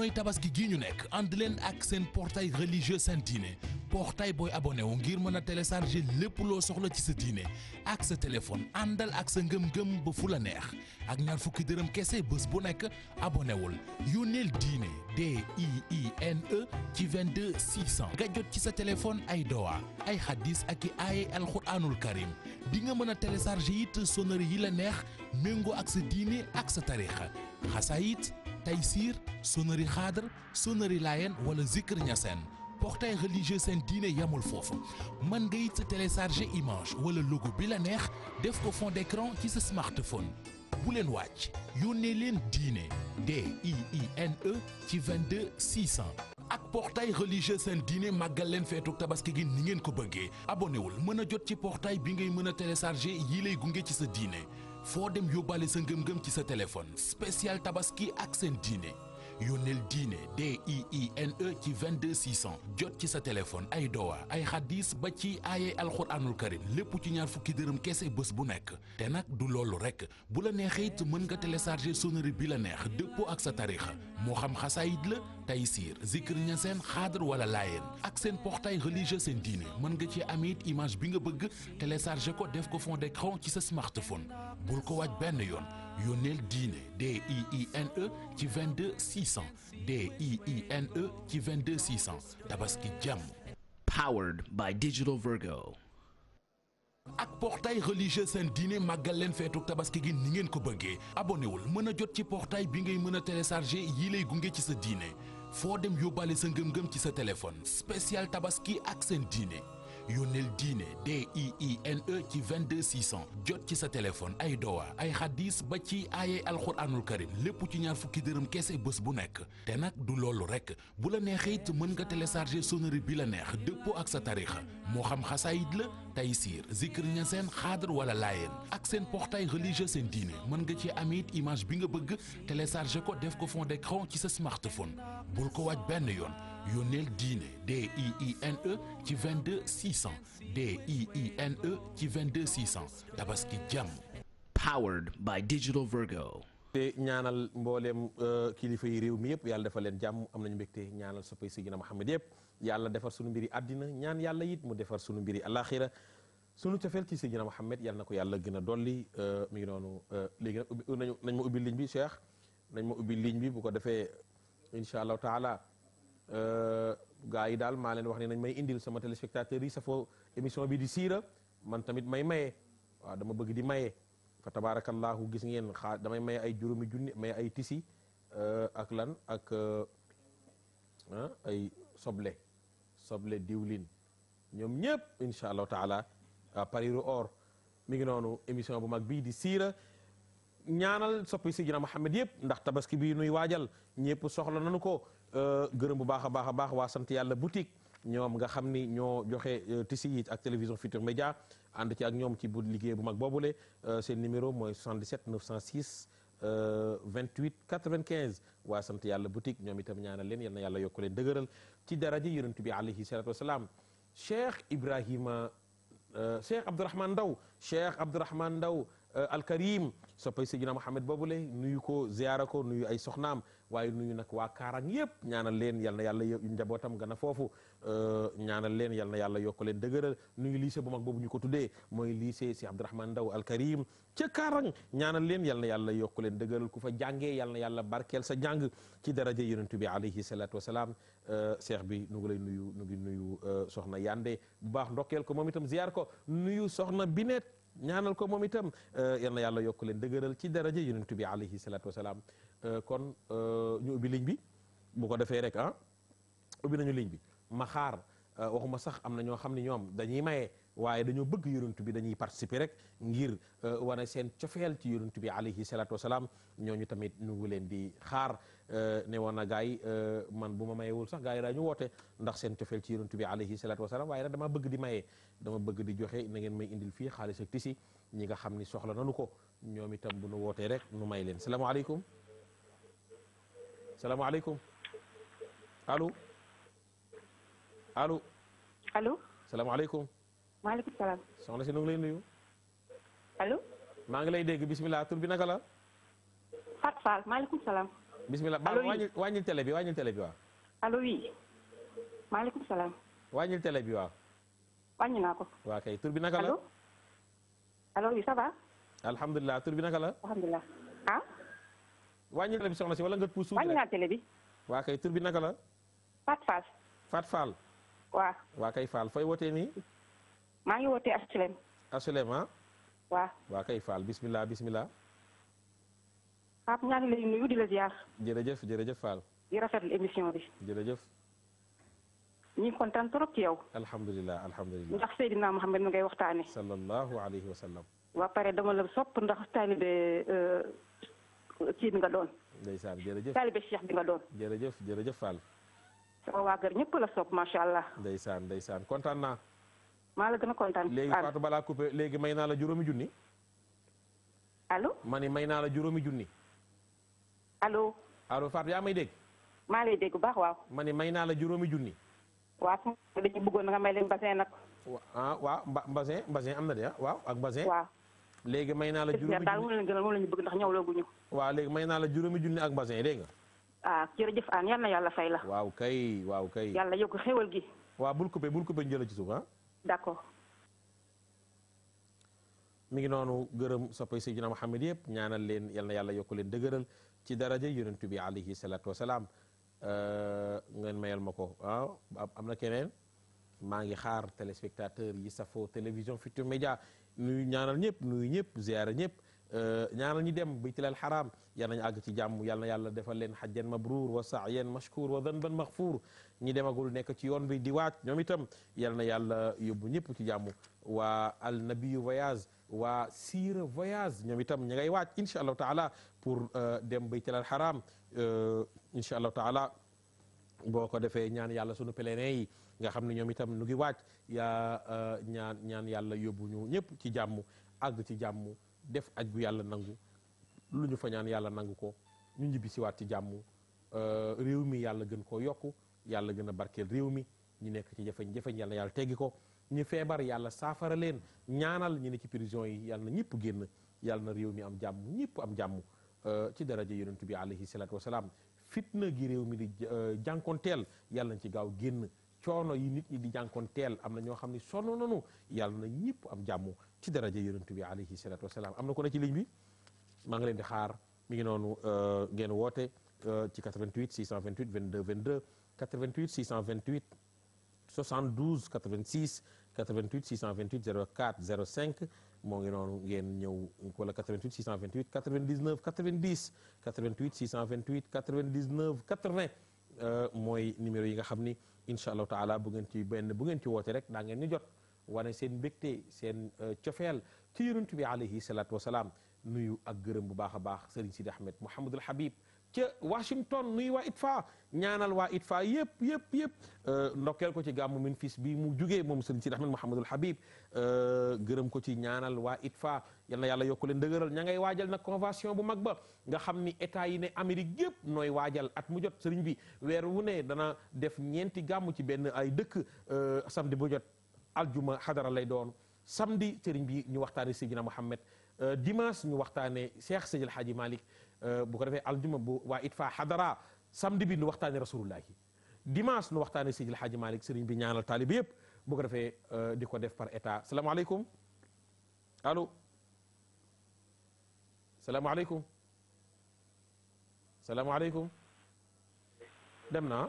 jamonoy tabaski gi ñu nekk ànd leen ak seen portail religieux seen diine portail booy abonné wu ngir mën a télécharger lépp loo soxla ci sa diine ak sa téléphone àndal ak sa ngëm-ngëm ba fu la neex ak ñaar fukki dërëm kese bés bu nekk abonné wul yónneel diine D I I N E ci 22 jot ci sa téléphone ay doa ay xaddis ak i aaye alxuraanul karim di nga mën a télécharger it sonnerie yi la neex méngoo ak sa diine ak sa tarixa xasaayit ay Taysiir sonori xaadar sonori laayeen wala zikr ñaseen portail religieux seen diine yamul foofu mën nga it sa télécharger image wala logo bi la neex def ko fond d'écran ci sa smartphone bu leen wàcc yónnee leen diine D I I N E ci 22 600. ak portail religieux seen diine màggal leen feetuk tabaski gi ni ngeen ko bëggee abonné wul mën a jot ci portail bi ngay mën a télécharger yi lay gunge ci sa diine foo dem yóbbaale sa ngëm-ngëm ci sa téléphone spécial tabaski ak seen diine yónneel diine D-I-I-N-E ci 22 jot ci sa téléphone ay dowa ay xadis ba ci aaye alxuraanul karim lépp ci ñaar fukki dërëm kese bés bu nekk te nag du loolu rek bu la neexee it mën nga télécharger sonnerie bi la neex dëppoo ak sa tarixa moo xam xasaayid la taysiir zikr ña seen xaadar wala laayeen ak seen portail religieux seen diine mën nga ci am image bi nga bëgg télécharger ko def ko fond d'écran ci sa smartphone bul ko waaj benn yoon yónneel diine D I I N E ci 22 600 D I I N E ci 22 600 tabaski jàmm. Powered by Digital Virgo. ak portail religieux seen diine màggal leen feetuk tabaski gi ni ngeen ko bëggee abonné wul mën a jot ci portail bi ngay mën a télécharger yii lay gunge ci sa diine foo dem yóbbaale sa ngëm-ngëm ci sa téléphone spécial tabaski ak seen diine. yónneel diine d i i n e ci 22 jot ci sa téléphone ay dowa ay xadis ba ci aayay alxuraanul karim lépp ci ñaar fukki dërëm kese bés bu nekk te nag du loolu rek bu la neexee it mën nga télécharger sonnerie bi la neex dëppoo ak sa tarixa moo xam xasaayid la taysiir zikr ña seen xaadar wala laayeen ak seen portail religieux seen diine mën nga ci am image bi nga bëgg télécharger ko def ko fond d'écran ci sa smartphone bul ko waaj benn yoon yónneel diine D I I N E ci 22 600 D I I N E ci 22 600 tabaski jàmm. Powered by Digital Virgo. te ñaanal mbooleem euh, kilifa yi réew mi yëpp yàlla defal leen jàmm am nañu mbégte ñaanal soppay Seydina Muhammad yëpp yàlla defar sunu mbiri àddina ñaan yàlla it mu defar sunu mbiri alaxira sunu cofeel ci na Muhammad yàlla na ko yàlla gën a dolli euh, mi ngi noonu euh, léegi ubbi nañu nañ ma ubbi ligne bi Cheikh nañ ma ubbi ligne bi bu ko defee incha allahu taala Euh, gaa yi daal maa leen wax ne nañ may indil sama téléspectateurs yi safoo émission bi di siira man tamit may maye waaw dama bëgg di maye fa tabaarakallaahu gis ngeen xaa damay maye ay juróomi junni maye ay tisi euh, ak lan ak euh, ah, ay soble soble diwlin ñoom ñëpp incha allahu taala pariru or mi ngi noonu émission bu mag bii di siira ñaanal soppi si jina Muhammad yëpp ndax tabaski bii nuy waajal ñëpp soxla nanu ko Euh, gërëm bu baax a baax a baax waa sant yàlla boutique ñoom nga xam ni ñoo joxe euh, tisi yi ak télévision Futur Média ànd ci ak ñoom ci bu liggéey bu mag boobu le euh, seen numéro mooy 77 906 28 95 waa sant yàlla boutique ñoom itam ñaanal leen yal na yàlla yokk leen dëgëral ci daraja yonent bi alayhi salatu wasalaam Cheikh Ibrahima Cheikh Abdourahman Ndaw Cheikh Abdourahman Ndaw Al Karim soppay Seydina boobu boobule nuyu ko ziyaara ko nuyu ay soxnaam waaye nuyu nag waa kaarang yëpp ñaanal leen yal na yàlla njabootam gën a foofu euh, ñaanal leen yal na yàlla yokk leen dëgëral nuyu lycée bu mag boobu ñu ko tuddee mooy lycée si Abdourahmane Ndaw al Karim ca kaarang ñaanal leen yal na yàlla yokk leen dëgëral ku fa jàngee yal na yàlla barkeel sa jàng ci daraja yonent bi alayhi salaatu wasalaam seex euh, bi nu ngi lay nuyu nu ngi nuyu euh, soxna Yande bu baax ndokkeel ko moom itam ziar ko nuyu soxna Binet ñaanal ko moom itam euh, yal na yàlla yokk leen dëgëral ci daraja yonent bi alayhi salaatu salaam euh, kon euh, ñu ubbi ligne bi bu ko defee rek ah ubbi nañu ligne bi ma xaar waxuma sax am na ñoo xam ne ñoom dañuy maye waaye dañoo bëgg yonent bi dañuy participer rek ngir wane seen cofeel ci yonent bi alayhi salaatu salaam ñooñu tamit ñu ngi leen di xaar Euh, ne woon na gars yi euh, man bu ma mayee wul sax gars yi daañu woote ndax seen cofeel ci yonent bi alayhi salaatu wasalaam waaye nag dama bëgg di maye dama bëgg di joxe na ngeen may indil fii xaalis ak tisi ñi nga xam ni soxla nanu ko ñoom itam bu nu wootee rek nu may leen salaamaaleykum salaamaaleykum allo allo. allo. si nu ngi lay nuyu. maa ngi lay dégg bisimilah tur bi naka la. Fatou Fall maaleykum salaam. bismillah baal wàññil wàññil bi wàññil télé bi waaw. allo salaam. wàññil télé bi waaw. wàññi naa ko. waa kay tur bi naka la allo. allo bi naka la. alhamdulilah ah. wàññil télé bi soxna si wala nga pousse. wàññi naa bi. waa kay tur bi naka la. Fat Fall. Fat Fall. waaw. waa kay Fall fooy wootee nii. maa ngi wootee Asulem. Asulem ah. waa kay Fall bismillah bismillah. Pape ñaa jërëjëf jërëjëf Fall. rafet rafetlu émission bi. jërëjëf. ñu ngi kontaan trop ci yow. alhamdulilah alhamdulilah. ndax Seydina Mohamed mi ngay waxtaane. sallallahu alayhi wa sallam. waa pare dama la sopp ndax taalibe euh, kii bi nga doon. ndeysaan jërëjëf taalibe Cheikh jërëjëf jërëjëf Fall. waa kër ñëpp la sopp macha allah. day saan kontaan naa. maa la gën a kontaan. léegi Fatou balaa léegi may naa la juróomi junni. allo ma ni may naa la juróomi junni. allo. allo Fatou yaa may dégg. maa lay dégg baax waaw. ma ne may naa la juróomi junni. waaw su ma dañu bëggoon nga may leen basin nag. Ah, waaw mba basin am na de ah, waaw ak basin. waaw léegi may naa la juróomi daal moom la ñu may naa la juróomi junni ak basin dégg nga. ah jërëjëf aan yal na yàlla fay la. waaw kay waaw kay. yàlla yokk xéwal gi. waaw bul coupé bul njëla ci suuf ah. d'accord. mi ngi noonu gërëm soppay Seydina Mouhamed yëpp ñaanal leen yal yàlla yokk leen dëgëral ci daraja yonent bi alayhi salaatu wasalaam euh, ngeen mayal ma ko ah am na keneen maa ngi xaar téléspectateur yi safo télévision Futurs média nuyu ñaanal ñëpp nuyu ñëpp ziyaara ñëpp euh, ñaanal ñu dem baytil al haram yal nañu àgg ci jàmm yal na yàlla defal leen xajjan mabruur wa sa'yan mashkuur wa danban maxfuur ñi demagul nekk ci yoon bi di waaj ñoom itam yal na yàlla yóbbu ñëpp ci jàmm waa al nabiyu voyage waa siira voyage ñoom itam ña ngay waaj incha allahu taala pour euh, dem ba baytil al haram euh, incha allahu taala boo ko defee ñaan yàlla sunu pèlerin yi nga xam ne ñoom itam nu ngi waaj yaa euh, ñaan ñaan yàlla yóbbu ñu ñëpp ci jàmm àgg ci jàmm def aj gu yàlla nangu lu ñu fa ñaan yàlla nangu ko ñu ñibbisiwaat ci jàmm réew mi yàlla gën koo yokk yàlla gën a barkeel réew mi ñu nekk ci jafe-jafe yàlla yàlla teggi ko ñu feebar yàlla saafara leen ñaanal ñu ne ci prison yi yàlla na ñëpp génn yàlla na réew mi am jàmm ñëpp am jàmm Euh, ci daraja yonent bi alayhi salaatu wasalaam fitna gi réew mi di euh, jànkonteel yàlla nañ ci gaaw génn coono yi nit ñi di teel am na ñoo xam ne sonn nañu yàlla na ñëpp am jàmm ci daraja yonent bi alayhi salaatu wasalaam am na ko ne ci ligne bi maa ngi leen di xaar mi ngi noonu euh, ngeen woote ci 88 628 22 22 88 628 72 86 88 628 04 05 moo ngi noonu ngeen ñëw wala 88 628 99 90 88 628 99 80 mooy numéro yi nga xam ni incha allahu taala bu ngeen ci benn bu ngeen ci woote rek daa ngeen ñu jot wane seen mbégte seen euh, cofeel ci yonent bi alayhi salaatu wasalaam nuyu ak gërëm bu baax a baax Serigne Sidi Ahmed Mouhamadul Habib ca Washington nuy waa ITFA ñaanal waa ITFA yëpp yëpp yëpp euh, ndokkeel ko ci gàmmu Memphis bi mu jugee moom sëriñ Sidi Ahmed Mouhamadul Habib euh, gërëm ko ci ñaanal waa ITFA yal na yàlla yokk leen dëgëral ña ngay waajal na convention bu mag ba nga xam ni état yi ne Amérique yëpp nooy waajal at mu jot sëriñ bi weer wu ne dana def ñeenti gàmmu ci benn ay dëkk euh, samedi bu jot aljuma xadara lay doon samedi sëriñ bi ñu waxtaane Sidina Mouhamed dimanche ñu waxtaane Cheikh Seydil Hadji Malick Euh, bu ko defee aljuma bu waa it faa xadara samedi bi nu waxtaane rasulullahi dimanche nu waxtaane Seydil Hadji Malick sëriñ bi ñaanal taalibi yëpp bu ko defee euh, di ko def par état salaamaaleykum allo salaamaaleykum salaamaaleykum dem naa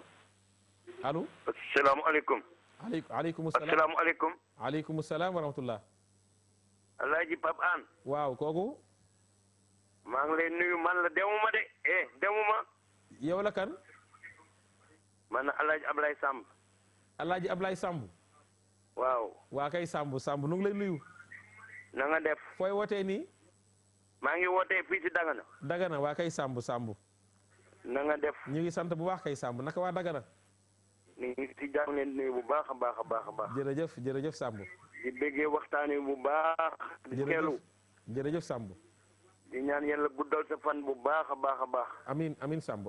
allo. salaamaaleykum. aleykum salaam asalaamaaleykum. aleykum salaam wa rahmatullah. Alaaji Pape An. waaw kooku. maa ngi lay nuyu man la demuma de eh demuma. yow la kan. man na El Hadj Ablaye Samb. El Hadj Ablaye Samb. waaw. waa kay Samb Samb nu ngi lay nuyu. na nga def. fooy wootee nii. maa ngi wootee fii si Dagana. Dagana waa kay Samb Samb. nanga def. ñu ngi sant bu baax kay Samb naka waa Dagana. ñu ngi si jàmm leen nuyu bu baax a baax a baax a baax. jërëjëf jërëjëf Samb. di bëggee waxtaan wi bu baax. di teelu jërëjëf jërëjëf di ñaan yàlla guddal sa fan bu baax a baax a baax. amin amin Samb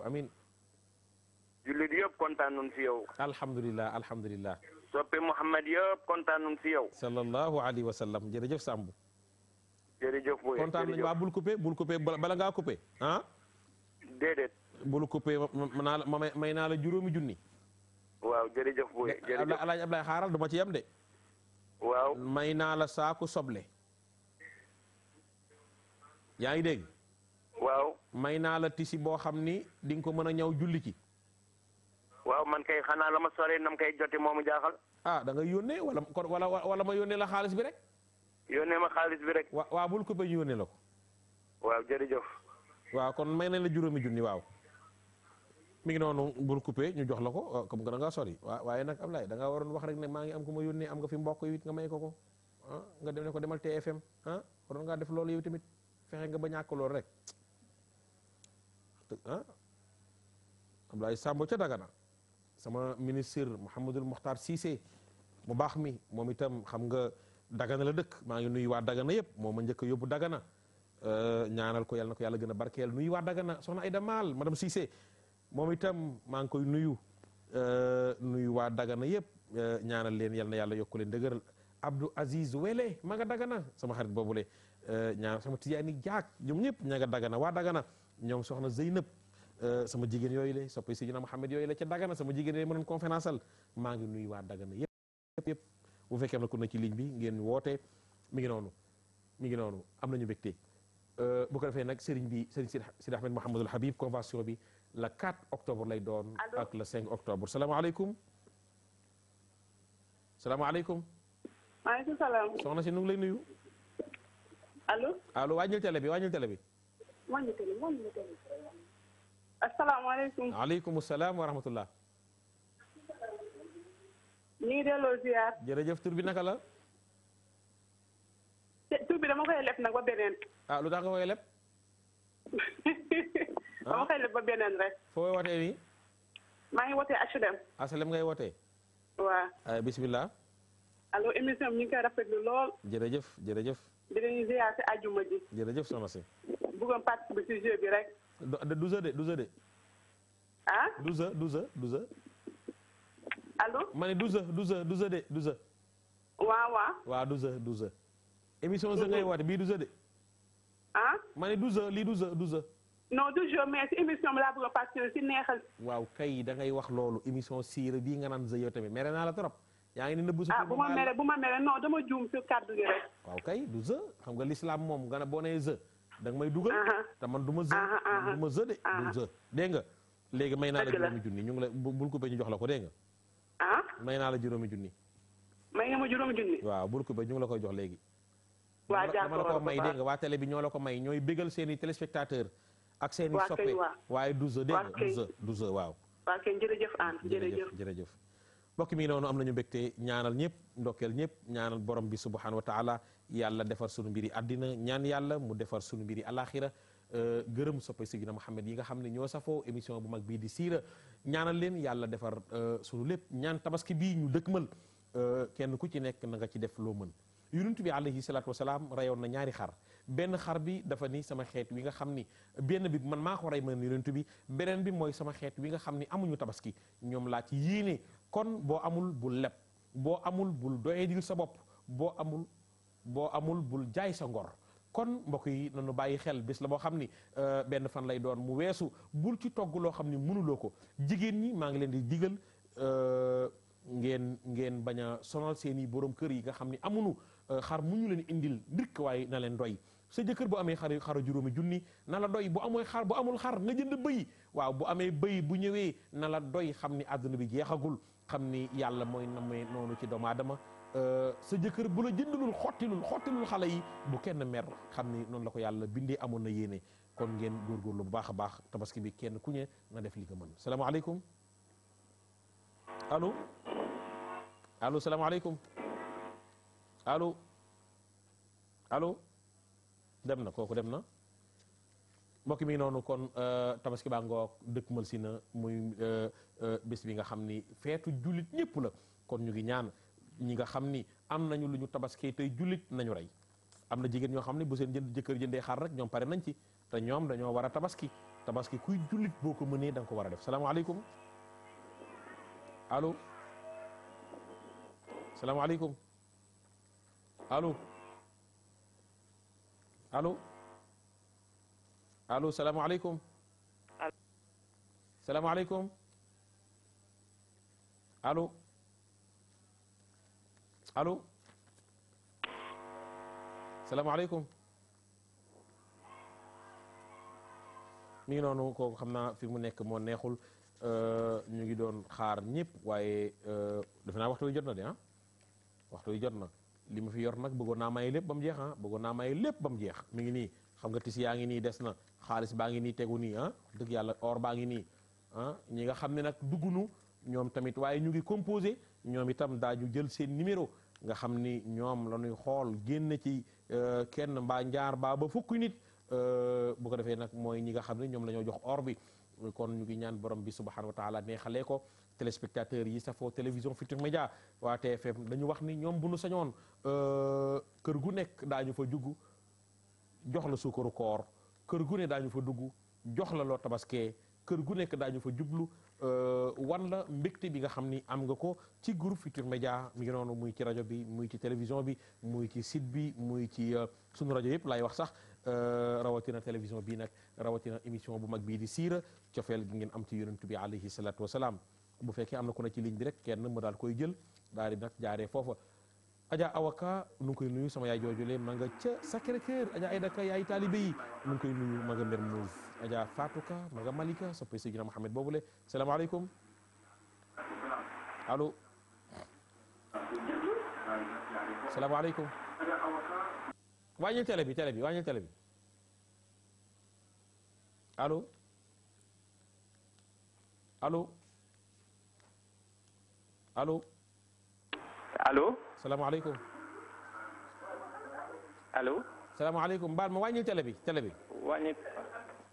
jullit yëpp kontaan nañ si yow. alhamdulilah alhamdulilah. soppi Mouhamed kontaan nañ si yow. sallallahu alayhi wa sallam jërëjëf Samb. bul coupé bul coupé bala coupé ah. bul coupé may naa la juróomi junni. waaw jërëjëf booy. jërëjëf xaaral du ma de. waaw may naa la saaku soble. yaa ngi dégg. waaw. may naa la tisi boo xam ni di nga ko mën a ñëw julli ci. waaw man kay xanaa la ma soree nam kay jotee moomu jaaxal. ah da nga yónnee wala kon wala wala ma yónnee la xaalis bi rek. yónnee ma xaalis bi rek. wa waaw bul ko ba yónnee la ko. waaw jërëjëf. kon may nañ la juróomi junni waaw. mi ngi noonu bul ñu jox la ko euh, comme que da ngaa sori waaw waaye nag Ablaye da ngaa waroon wax rek ne maa ngi am ku ma yónnee am nga fi mbokk yi it nga may ko ko ah, nga dem ko demal TFM ah waroon ngaa def loolu yow tamit. fexe nga ba ñàkk loolu rek ah Abdoulaye Sambo ca Dagana sama ministre Mouhamadul Mokhtar Cissé mu baax mi moom itam xam nga Dagana la dëkk maa ngi nuyu waa Dagana yëpp moo ma njëkk a yóbbu Dagana euh, ñaanal ko yàlla ko yàlla gën a barkeel nuyu waa Dagana soxna Aïda Maal madame Cissé moom itam maa ngi koy nuyu euh, nuyu waa yëpp euh, ñaanal leen yàlla na yàlla yokku leen dëgëral Abdou Aziz Wele ma nga Dagana sama xarit boobule Euh, ñaa sama tijaani jaak ñoom ñëpp ña nga dagana waa dagana ñoom soxna Zeynab euh, sama jigéen yooyu la soppi Seydina Muhammad yooyu la ca dagana sama jigéen yooyu ma doon conférence al maa ngi nuyu waa dagana yëpp yëpp am na ku ne ci bi ngeen woote mi ngi noonu mi ngi noonu am nañu mbégte euh, bu ko defee nag sëriñ bi Serigne Sidi Ahmed Mouhamadul Habib convention bi le 4 octobre lay doon ak le 5 octobre salaamaaleykum salaamaaleykum maaleykum salaam soxna si nu ngi lay nuyu allo allo wàññil télé bi wàññil télé bi. wàññil télé wàññil télé. asalaamaaleykum. waaleykum salaam wa rahmatullah. ñu ngi delloo ziar. jërëjëf tur bi na la. tur bi dama koy leb nag ba beneen. ah lu tax nga koy leb. dama koy leb ba beneen rek. foo wootee nii. maa ngi wootee HLM. HLM ngay wootee. waaw. Eh, bisimilah. allo émission bi ñu ngi koy lool. jërëjëf jërëjëf. dinañu ziar si àjjuma ji. jërëjëf soxna si. bëggoon participer si jeu bi rek. de 12h de 12h de. ah. 12h 12h 12h. allo. ma ne 12h 12h 12h de 12h. waaw waaw. waaw 12h 12h. émission sa ngay woote bii 12h de. ah. ma ne 12h lii 12h 12h. non toujours mais si émission bi laa bëgg a participer si neexal. waaw kay da ngay wax loolu émission siire bii nga naan sa yow tamit mere naa la trop. yaa ngi ne na sa ah, tur bu ma mere bu ma mere non dama juum ci kàddu gi rek. waaw kay du zë xam nga l'islam moom nga ne boo nee zë da may dugal. te man du ma zë ma zë de. dégg nga. léegi may naa la juróomi junni ñu ngi la bul coupé ñu jox la ko dégg nga. ah may naa la juróomi junni. may nga ma juróomi junni. waaw bul coupé ñu la koy jox léegi. waa dama la ko may dégg nga waa télé bi ñoo la ko may ñooy bégal seen i téléspectateur ak seen i soppe waaye du zë dégg nga du zë waaw. jërëjëf mbokk mi noonu am nañu mbégte ñaanal ñëpp ndokkeel ñëpp ñaanal borom bi subhanahu wa taala yàlla defar sunu mbiri àddina ñaan yàlla mu defar sunu mbiri alaxira euh, gërëm soppe Seydina Muhammad yi nga xam ne ñoo safoo émission bu mag bii di siira ñaanal leen yàlla defar euh, sunu lépp ñaan tabaski bii ñu dëkkmal euh, kenn ku ci nekk na nga ci def loo mën yonent bi alayhi salaatu wasalaam rayoon na ñaari xar benn xar bi dafa ni sama xeet wi nga xam ni benn bi man maa ko man man yonent bi beneen bi mooy sama xeet wi nga xam ni amuñu tabaski ñoom laa ci kon boo amul bul leb boo amul bul doyadil sa bopp boo amul boo amul bul jaay sa ngor kon mbokk yi nañu bàyyi xel bis la boo xam ni euh, benn fan lay doon mu weesu bul ci togg loo xam ni mënuloo ko jigéen ñi maa ngi leen di digal euh, ngeen ngeen bañ a sonal seen i borom kër yi nga xam ni amuñu euh, xar mu ñu leen indil ndirk waaye na leen doy sa jëkkër bu amee xar xaru juróomi junni na la doy bu amee xar bu amul xar nga jënd bëy waaw bu amee bëy bu ñëwee na la doy xam ni àdduna bi jeexagul xam ni yàlla mooy namee noonu ci doomu aadama euh, sa jëkkër bu la jëndalul xottilul xottilul xale yi bu kenn mer xam ni noonu la ko yàlla bindee amoon na yéene kon ngeen góorgóorlu lu baax a baax tabaski bi kenn ku ne na def li nga mën salaamaaleykum allo allo salaamaaleykum allo allo dem na kooku dem na mbokk mii noonu kon euh, tabaski baa ngoog dëkk mal si na muy euh, euh, bés bi nga xam ni feetu jullit ñëpp la kon ñu ngi ñaan ñi nga xam ni am nañu lu ñu tabaskee tey jullit nañu rey am na jigéen ñoo xam ne bu seen jënd jëkkër jëndee xar rek ñoom pare nañ ci te ñoom dañoo war a tabaski tabaski kuy jullit boo ko mën da nga ko war a def salaamaaleykum allo salaamaaleykum allo allo salaamaaleykum. allo. salaamaaleykum. allo. allo. salaamaaleykum. mi ngi noonu kooku xam naa fi mu nekk moo neexul euh, ñu ngi doon xaar ñëpp waaye euh, defe naa waxtu wi jot na de ah waxtu wi jot na li ma fi yor nag bëggoon naa may lépp ba mu jeex ah bëggoon naa may lépp ba mu jeex mi ngi nii xam nga tis yaa ngi nii des na xaalis baa ngi nii tegu nii ah dëgg yàlla or baa ngi nii ah ñi nga xam ne nag duggunu ñoom tamit waaye ñu ngi composé ñoom itam daañu jël seen numéro nga xam ni ñoom la ñuy xool génn ci euh, kenn mbaa njaar baa ba fukki nit euh, bu ko defee nag mooy ñi nga xam ne ñoom la ñoo jox or bi kon ñu ngi ñaan borom bi subhanahu wa taala neexalee ko téléspectateurs yi safoo télévision Futur Média waa TFM dañu wax ni ñoom bu nu sañoon euh, kër gu nekk daañu fa jugg jox la suukaru koor kër gu ne daañu fa dugg jox la loo tabaskee kër gu nekk daañu fa jublu euh, wan la mbégte bi nga xam ni am nga ko ci groupe Futur Média mi ngi muy ci rajo bi muy ci télévision bi muy ci site bi muy ci euh, sunu rajo yëpp laay wax sax euh, rawatina télévision bi nag rawatina émission bu mag bii di siira cofeel gi ngeen am ci yonent bi alayhi salaatu wasalaam bu fekkee am na ku ne ci ligne bi rek kenn mu daal koy jël daal di jaaree foofa Adja Awaka nu ngi koy nuyu sama yaay joojule ma nga ca Sacré-Cœur Adja Aïda yaay taalibe yi koy nuyu ma nga Mermoz Adja Fatou Ka ma nga Malika soppay Seydina Mouhamed boobule salaamaaleykum allo salaamaaleykum wàññil télé bi télé bi wàññil allo allo salaamaaleykum. allo. salaamaaleykum Mbaan ma wàññil télé bi télé bi. wàññi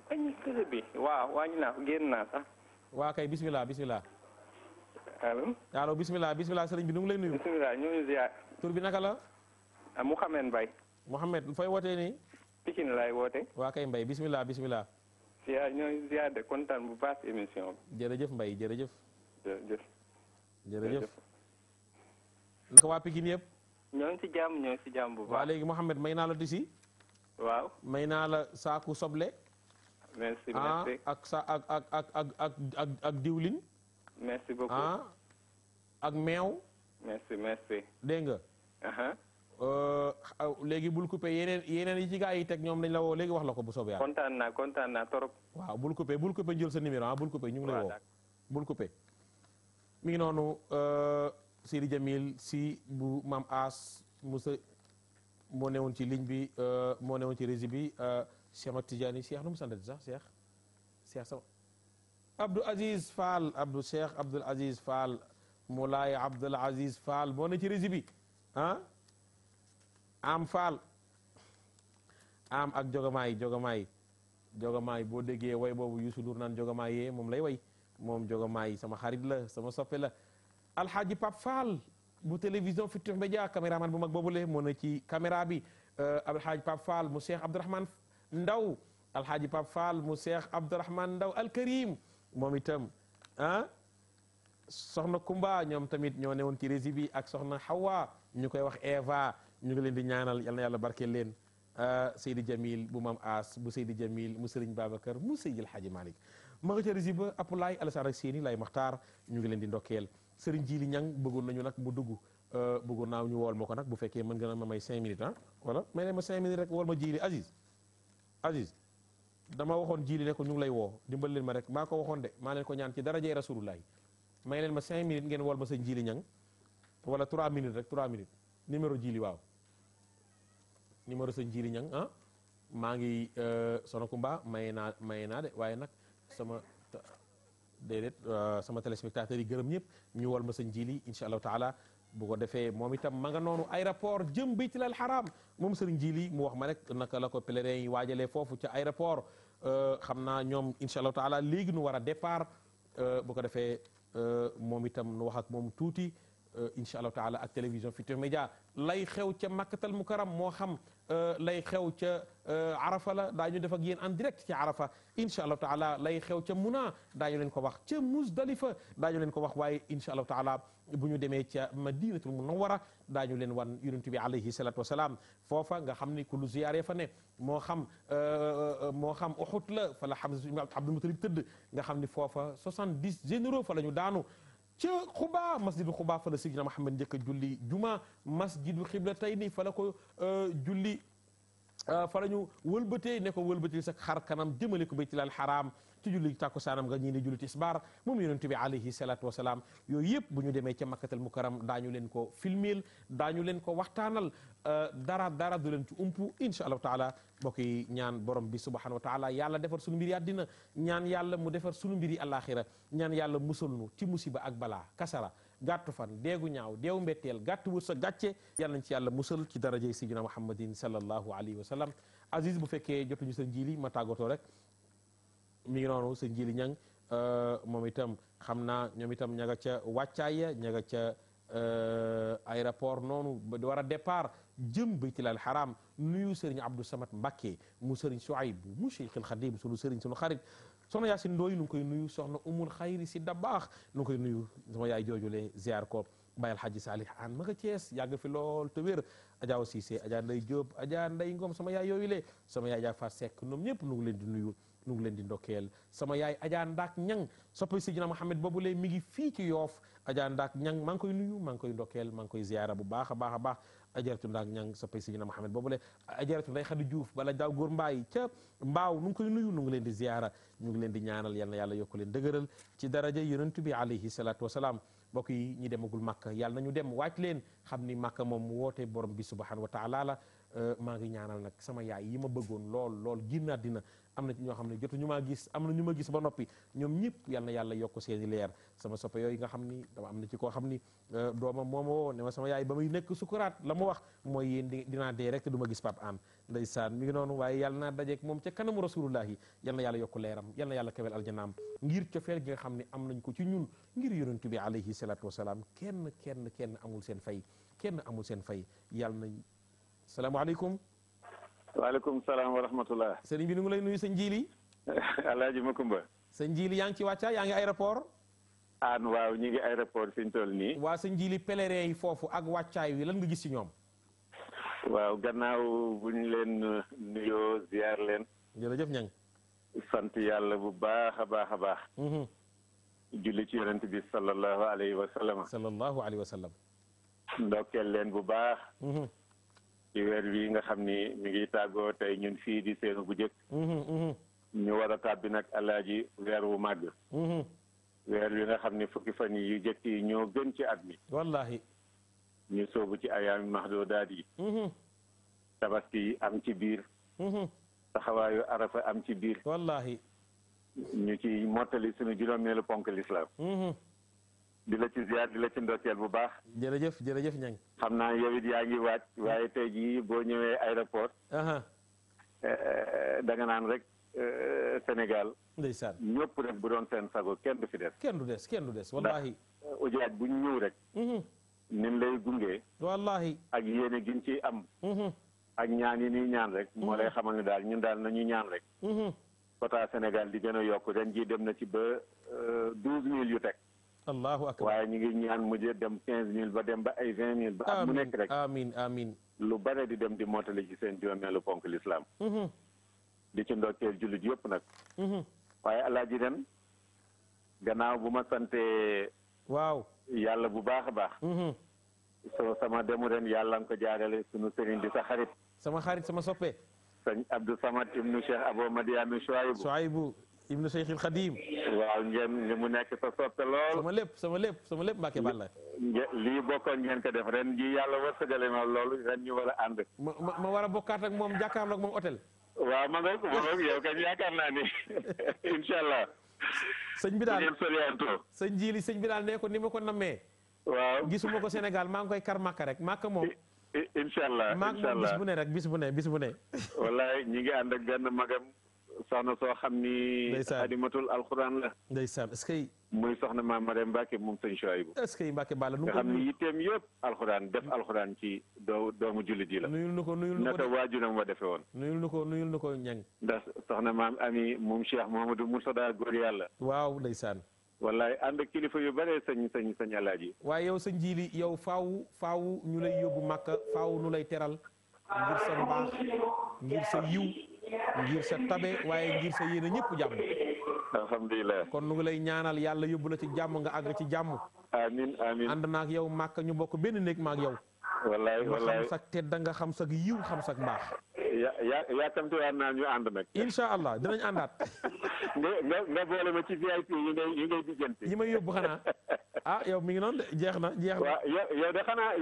wàññi télé bi waaw wàññi naa sax. waa kay bisimilah bisimilah. allo. allo bisimilah bisimilah sëriñ bi nu lay nuyu. bisimilah ñu ngi ziar. bi naka la. ah Mouhamed Mbaye. Mouhamed fooy wootee nii. Pikine laay woote. waa kay Mbaye bisimilah bisimilah. ziar ñoo ngi ziar de kontaan bu baax émission bi. jërëjëf Mbaye jërëjëf. naka waa Pikine yëpp. ñoo ngi ci jàmm ñoo bu baax. léegi Mouhamed may naa la disi. waaw may naa la saaku soble. merci ah, merci ak sa diwlin. Ah, ak meew. nga. Euh, léegi bul coupé yeneen yi ci gaa yi teg ñoom lañ la woo léegi wax la ko bu soobee yàlla. kontaan naa kontaan naa trop. waaw bul coupé bul coupé jël sa numéro ah bul coupé ñu ngi woo. bul coupé ngi noonu. Euh, Sidi Jamil si bu maam As Moussa moo newoon ci ligne bi euh, moo newoon ci régie bi euh, Cheikh Mat Tidiane Cheikh nu mu santati sax Cheikh Cheikh sama Abdou Aziz Fall Abdou Cheikh Abdoul Aziz Fall Moulaye Abdoul Aziz Fall moo ne ci régie bi ah am Fall am ak jogamaay jogamaay jogamaay boo déggee way boobu Youssou Ndour naan jogamaay yee moom lay way moom jogamaay sama xarit la sama soppe la alxaaji Pape Fall bu télévision Futurs Médias caméraman bu mag boobule moo ne ci caméra bi euh, alxaaji Pape Fall mu Cheikh Abdourahmane Ndaw alxaaji Pape Fall mu Cheikh Abdourahmane Ndaw alkarim moom itam ah soxna Kumba ñoom tamit ñoo newoon ci régie bi ak soxna Hawa ñu koy wax Eva ñu ngi leen di ñaanal yal na yàlla barkeel leen euh, Seydi Jamil bu maam As bu Seydi Jamil mu Serigne Babacar mu Seydil Hadji Malick ma nga ca régie ba Apulaay Alassane ak Séni Lay Maxtaar ñu ngi leen di ndokkeel Serigne Djili Niang bëggoon nañu nag mu dugg euh, bëggoon naaw ñu wool ma ko nag bu fekkee mën nga ma may 5 minutes ah may ne ma 5 minutes rek wool ma Djili Aziz Aziz dama waxoon Djili ne ko ñu ngi lay woo dimbal leen ma rek maa ko waxoon de maa leen ko ñaan ci darajee rasulullahi may leen ma 5 minutes ngeen wool ma sëñ Djili Niang wala 3 minutes rek 3 minutes numéro Djili waaw numéro sëñ Djili Niang ah maa ngi euh, Sonacoumba maye naa maye naa de waaye nag sama. déedéet euh, sama téléspectateur yi gërëm ñëpp ñu wol ma sëñ jili incha allahu taala bu ko defee moom itam ma nga noonu aéroport jëm baytil al haram moom sëriñ jili mu wax ma rek naka la ko pèlerin yi waajalee foofu ca aéroport euh, xam naa ñoom incha allahu taala léegi nu war a départ euh, bu ko defee moom itam nu wax ak moom tuuti Euh, incha allahu taala ak télévision Futur Média lay xew ca Makkatal Mukarram moo xam euh, lay xew ca euh, Arafa la daañu def ak yéen en direct ci Arafa incha allahu taala lay xew ca Muna daañu leen ko wax ca Musdalifa daañu leen ko wax waaye incha allahu taala bu ñu demee ca Madinatul Munawwara daañu leen wan yonent bi alayhi salatu wasalaam foofa nga xam ni ku lu fa ne moo xam moo xam Uhud la fa la Hamza ibn Abdul Muttalib tëdd nga xam ni foofa 70 généraux fa la ñu daanu. ca xubaa masjidu xubaa fa la sidina Muhammad njëkk a julli juma masjidu xiblatayni fa la ko euh, julli euh, fa la ñu wëlbatee ne ko wëlbatil sa xar kanam jëmale ko baytil al xaraam ci julli tàkkusaanam nga ñii di julli tisbaar moom yonent bi alayhi salaatu wasalaam yooyu yëpp bu ñu demee ca makkatal mukaram daañu leen ko filmeel daañu leen ko waxtaanal euh, dara dara du leen ci umpu insha allahu taala mbokk yi ñaan borom bi subhanahu wa taala yàlla defar sunu mbiri àddina ñaan yàlla mu defar sunu mbiri àllaaxira ñaan yàlla musal nu ci musiba ak balaa kasara gàtt fan deegu ñaaw deew mbetteel gàtt wut sa gàcce yàlla nañ ci yàlla musal ci darajey sidina muhammadin sallallahu alayhi wa sallam Aziz bu fekkee jotuñu sa njiili ma tàggatoo rek mi ngi noonu sëñ euh, moom itam xam naa ñoom itam ña nga ca wàccaaya ña nga ca euh, aéroport noonu ba war a départ jëm baytil al haram nuyu sëriñ Abdou Samad Mbakke mu sëriñ Suayb mu Cheikhul Xadim sunu sëriñ sunu xarit soxna Yaasin Ndooy nu koy soxna Umul Xayri si da nu koy nuyu sama yaay joojule ziar ko Baye Alhaji Salih An ma nga Cees yàgg fi lool te wér Adja Sise Adja Nday Diop Adja Nday ngoom sama yaay yooyu le sama yaay Jaafar Seck ñoom ñëpp nu ngi leen di nuyu nu ngi leen di ndokkeel sama yaay Adja Ndaak Ñang soppi Sidina Mohamed boobu lee mi ngi fii ci yoof Adja Ndaak Ñang maa koy nuyu maa koy ndokkeel maa koy ziyaara bu baax a baax a baax ajaratu Ndaak Ñang soppi Sidina Mohamed boobu lee ajaratu Ndey Xadi Juuf bala daaw góor mbaay ca mbaaw nu koy nuyu nu leen di ziyaara ñu ngi leen di ñaanal yal na yàlla yokku leen dëgëral ci daraja yonent bi alayhi salaatu wasalaam mbokk yi ñi demagul màkka ni màkka moom woote borom bi subhanahu wa taala la maa ngi ñaanal nag sama yaay yi ma bëggoon lool lool am na ci ñoo xam ne jotuñu maa gis am na ñu ma gis ba noppi ñoom ñëpp yal na yokk seeni leer sama soppe yooyu nga xam ni dama am na ci koo xam ni euh, doomam moo ma woo ne ma sama yaay ba nekk sukuraat la ma wax mooy yéen dinaa dee rek te du ma gis mi ngi noonu waaye yàlla naa dajeek moom ca kanamu rasulullahi yal na yàlla yokk leeram yal na yàlla kawel aljanaam ngir cofeel gi nga xam ne am nañ ko ci ñun ngir yonent bi alayhi salaatu wasalaam kenn kenn kenn amul seen fay kenn amul seen fay yàlla na salaamaaleykum waaleykum salaam wa rahmatullah sëriñ bi nu lay nuyu sa njiili. alaaji kumba sa njiili yaa ngi ci wàcca yaa ngi aéroport. aan waaw ñu ngi aéroport fi ñu toll nii. waa sa njiili pèlerin yi foofu ak wàccaay wi lan nga gis ci ñoom. waaw gannaaw bu ñu leen nuyoo ziar leen. jërëjëf ñang sant yàlla bu baax a baax a baax. Mm-hmm. julli ci yonent bi sallallahu alayhi wa sallam. sallallahu alayhi wa sallam. ndokkeel leen bu baax. Mm-hmm. ci weer wi nga xam ni mi ngi tàggoo tey ñun fii di seenu bu jëkk mhm, mhm. ñu war a tàbbi nag alaaji weer wu màgg mhm. weer wi nga xam ni fukki fan yi yu jëkk yi ñoo gën ci at mi wallahi ñu soobu ci ayaami mahdudaat yi tabaski am ci biir taxawaayu arafa am ci biir wallahi ñu ci mottali suñu juróomeelu ponk lislaam di la ci ziar di la ci ndokkeel bu baax. jërëjëf jërëjëf ñang xam naa yow it yaa ngi waaj waaye tey jii boo ñëwee aéroport. Eh, eh, da nga naan rek eh, Sénégal. ndeysaan ñëpp rek bu doon seen sago kenn du fi des. kenn du des kenn du des wallaahi. ndax ujaaj bu ñu ñëw rek. Mhm. nin lay gunge. wallaahi ak yéene gi ñu ciy am. Mhm. ak ñaan yi ñuy ñaan rek. moo lay mhm. xamal ne daal ñun daal nañu ñaan rek. quota Sénégal di gën a yokk ren jii dem na ci ba douze mille yu teg. allahu akbar waaye ñu ngi ñaan mujjee dem quinze mille ba dem ba ay vingt mille ba am mu nekk rek amin amin lu bare di dem di mootali ci seen juróomeelu ponk lislaam mm-hmm. di ci ndokkeel jullit yëpp nag mm-hmm. waaye alaaji den gannaaw bu ma sante waaw yàlla bu baax a baax mm-hmm. soo sama demu ren yàlla ko jaarale sunu sëriñ di sa xarit sama xarit sama soppe sëñ Abdou Samad ibnu Cheikh Abo Madiame Chouaibou ibnu Cheikh il Xadim waaw ngeen mu nekk sa soppe lool sama lépp sama lépp sama lépp la lii bokkoon ngeen ko def ren ji yàlla wërsëgale na loolu ren ñu war a ànd ma ma war a bokkaat ak moom jàkkaarloo ak moom hôtel waaw ma nga ma yow kañ yaakaar naa ni incha allah sëñ bi daal sëñ jili sëñ bi daal nee ko ni ma ko nammee waaw gisuma ko Sénégal maa ngi koy kar màkka rek màkka moom incha allah moom bis bu ne rek bis bu ne bis bu ne wallaay ñi ngi ànd soxna soo xam ni. ndeysaan xadimatul alxuraan la. ndeysaan est-ce que. muy soxna maam ma Mbacke moom sëñ Chouaïbou. est-ce que Mbacke Balla nga xam ni yitteem yëpp alxuraan def mm. alxuraan ci doo doomu jullit yi la. nuyul nu ko nuyul nu ko naka waajuram wa defee woon. nuyul nu ko nuyul ko ñang ndax soxna maam ami moom Cheikh Mouhamadou Mourtada góor yàlla. waaw saan wallaay ànd ak kilifa yu bare sañ sañ sañ yi waaye yow sa njiili yow faaw faaw ñu lay yóbbu Makka faaw ñu lay teral ngir sa mbaax ngir sa yiw ngir sa tabe waaye ngir sa yéene ñëpp jàmm. alhamdulilah kon nu ngi lay ñaanal yàlla yóbbu la ci jàmm nga àgg ci jàmm. amiin amiin ànd naag yow màkk ñu bokk benn néeg maak yow. wallaay wallaay nga xam sag tedd nga xam sag yiw xam sag mbaax. ya ya yaakamte naa ñu ànd nag. incha allah dinañ àndaat. nga boole ma ci VIP yi ngay yi ngay yi may yóbbu xanaa. ah yow mi ngi noonu de jeex na jeex na. waaw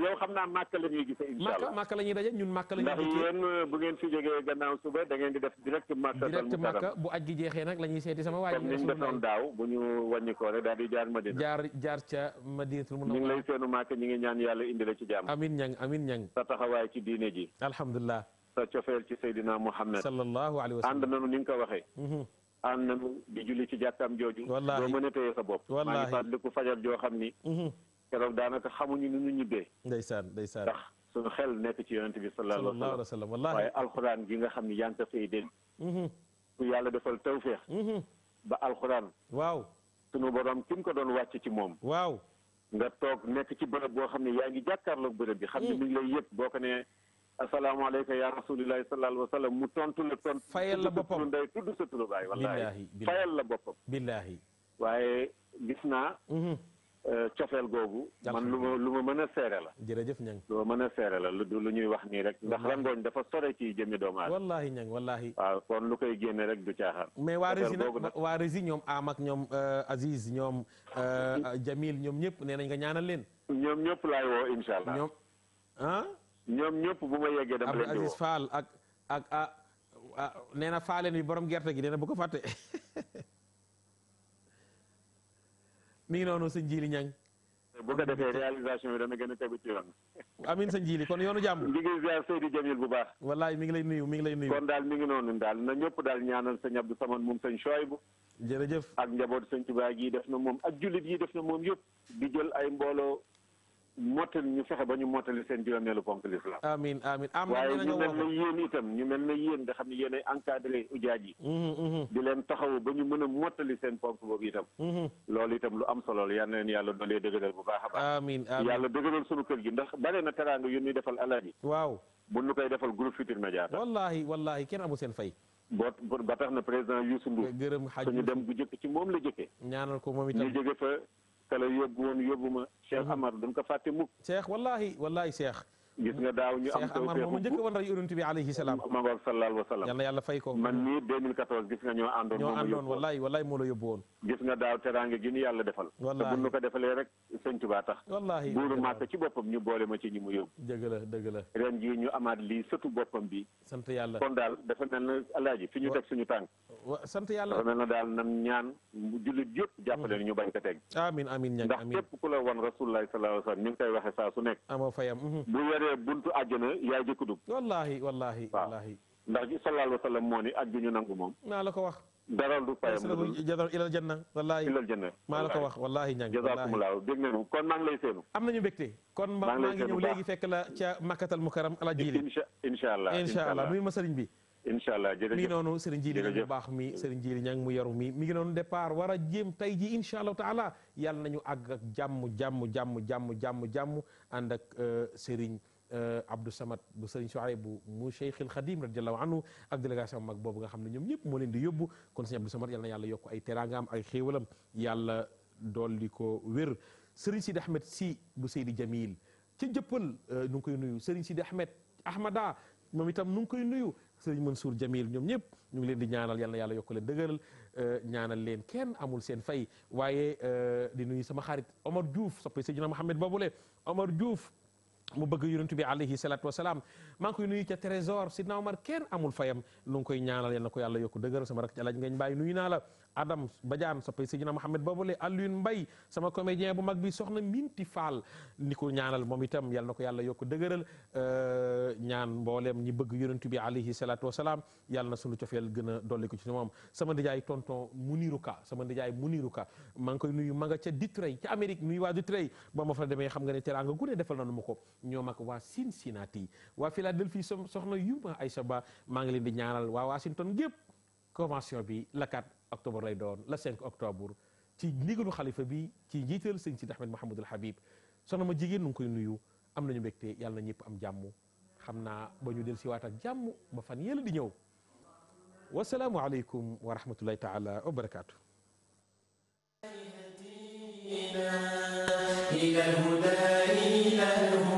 yow xam naa màkk la ñuy gisee. la allah màkk màkk la ñuy daje ñun màkk la ñuy. ndax yéen euh, bu ngeen fi jógee gannaaw suba da ngeen di def direct màkk. direct màkk bu aj gi jeexee nag la ñuy seeti sama. waa ji ñu daaw bu ñu wàññi ko rek daal di jaar Madina. jaar jaar ca Madinatul Munawwara. ñu ngi lay seenu màkk ñi ngi ñaan yàlla indi la ci jàmm. amiin ñang amiin ñang. sa taxawaay ci diine ji. alhamdulilah. sa cofeel ci Seydina Muhammad. sallallahu alayhi wa sallam ànd nañu ni nga ko waxee mhm. am nanu di julli ci jàkkaam jooju doo mën a téye sa bopp maa ngi fàttaliku fajar joo xam ni mhm. keroog daanaka xamuñu nu ñu ñibbee ndeysaan ndeysaan ndax suñu xel nekk ci yonente bi sallallahu alayhi wa sallam waaye alxuraan gi nga xam ni yaa ngi ko fay dégg mhm. ku yàlla defal tawféex mhm. ba alxuraan waaw sunu borom ki mu ko doon wàcc ci moom waaw nga toog nekk ci bërëb boo xam ne yaa ngi jàkkaarloog bërëb bi xam ne mi ngi lay yëpp boo ko ne asalaamaaleykum yaa rasulillahi sallallahu alayhi mu tontu la tontu. fayal la boppam tudd ndey tudd sa la boppam. billaahi. waaye gis naa. Mhm. Euh, cofeel googu. man lu ma lu ma mën a seere la. jërëjëf ñang lu ma mën a seere la lu du lu ñuy wax nii rek. ndax rangooñ dafa sore ci jëmmi doomu aadama. wallaahi ñang wallaahi. waaw kon lu koy génne rek du caaxaan. mais waa Rési nag waa Rési ñoom Amak ñoom euh, Aziz ñoom euh, Jamil ñoom ñëpp nee nañ nga ñaanal leen. ñoom ñëpp laay woo incha allah ñoom ñëpp bu ma yeggee dama leen di ak ak ah, ah, nee na faaleen bi borom gerte gi nee na bu ko fàtte mi noonu sëñ Jili Ñang bu ko defee réalisation bi dana gën a tegu ci yoon. amiin sëñ Jili kon yoonu jàmm. mi bu baax. wallaay mi ngi lay nuyu mi ngi lay nuyu. kon daal mi ngi noonu daal na ñëpp daal ñaanal sëñ Abdou Samane moom sëñ Choybu. jërëjëf ak njaboot sëñ Tuubaa gi def na moom ak jullit yi def na moom yëpp di jël ay mbooloo. mottali ñu fexe ba ñu mottali seen juróomeelu ponk l'islam amiin amiin am waaye ñu mel na yéen itam ñu mel na yéen nga xam ne yéen ay encadré ujaaj yi mhm, mhm. di leen taxawu ba ñu mën a mottali seen ponk boobu itam mhm. loolu itam lu am solo la yal leen yàlla doolee dëgëral bu baax a yàlla dëgëral sunu kër gi ndax bare na teraanga yu ñuy defal alaaji waaw bu ñu koy defal groupe Futurs Médias wallahi wallahi kenn amul seen fay boo ba tax na président Youssou Ndour kala yóbbu woon yóbbu ma Cheikh mhm. Amar duñ ko fàtte mukk Cheikh wallahi wallahi Cheikh gis nga daaw ñu am tawfeex moom njëkk woon ma ngoog sallallahu wa sallam yàlla yàlla fay ko man nii 2014 gis la yóbbu woon gis nga daaw teraange gi ñu yàlla defal wallaay te bu ñu ko defalee rek sëñ Tuubaa ma ci ñi su nekk amoo fayam mm-hmm. ubbee buntu àjjana yaay jëkk dugg wallahi wallahi wallahi ndax ji sallallahu alayhi wa sallam moo ni ak maa la ko wax dara du payam ilal janna wallahi ilal janna maa la ko wax wallahi ñang jazakumullahu dégg nañu kon maa ngi lay seenu am nañu mbégte kon maa ngi ñëw léegi fekk la ca makkatal mukaram ala jiili insha allah insha allah ma sëriñ bi incha allah jërëjëf mi ngi noonu Serigne Djili ñang mu baax mi Serigne Djili ñang mu yaru mi mi ngi noonu départ war a jéem tey ji incha allahu taala yàlla nañu àgg ak jàmm jàmm jàmm jàmm jàmm jàmm ànd euh, Euh, Abdou Samad bu Sëriñ Suhayb bu mu Cheikhil Khadim radiyallahu anhu ak délégation mag boobu nga xam ne ñoom ñëpp moo leen di yóbbu kon Sëriñ Abdou Samad yokk ay teraangaam ay xéewalam yàlla dool di ko wér Sëriñ Sidi Ahmed si bu Seydi Jamil ci jëppal euh, nu ngi koy nuyu Sëriñ Sidi Ahmed Ahmada moom itam nu ngi koy nuyu Sëriñ Mansour Jamil ñoom ñëpp ñu ngi leen di ñaanal yal na yàlla yokk leen dëgëral euh, ñaanal leen kenn amul seen fay waaye di nuyu sama xarit Omar Diouf soppay Seydina Mohamed boobule Omar Diouf mu bëgg yu yonent bi alayhi salaatu wasalaam maa ngi koy nuyu ca trésor sidna Omar kenn amul fayam lu ngi koy ñaanal yal na ko yàlla yokku dëgëral sama rak ci alaaj ngañ bàyyi nuyu naa la Adam Badiane soppay Seydina Mohamed boobule Alioune mbay sama comédien bu mag bi soxna Minti Fall ni ko ñaanal moom itam yal na ko yàlla yokk dëgëral euh, ñaan mboolem ñi bëgg yonent bi alayhi salaatu wasalaam yàlla na sunu cofeel gën a dolli ko ci moom sama ndijaay tonton Muniru Ka sama ndijaay Muniru Ka maa ngi koy nuyu ma nga ca Detroit ca Amérique nuyu waa Detroit ba ma fa demee xam nga ne teraanga gune defal nanu ma ko ñoom ak waa Cincinnati waa Philadelphie soxna Yuma Aïcha Ba maa ngi leen di ñaanal waa Washington gépp convention bi la 4 octobre lay doon la 5 octobre ci ndigalu xalifa bi ci njiital sëñ Sidi Ahmed Mahamadul Habib soxna ma jigéen nu ngi koy nuyu am nañu mbégte yàlla na ñëpp am jàmm xam naa ba ñu del siwaat ak jàmm ba fan yëla di ñëw wasalaamu aleykum wa rahmatullahi taala wa barakaatu إلى الهدى إلى الهدى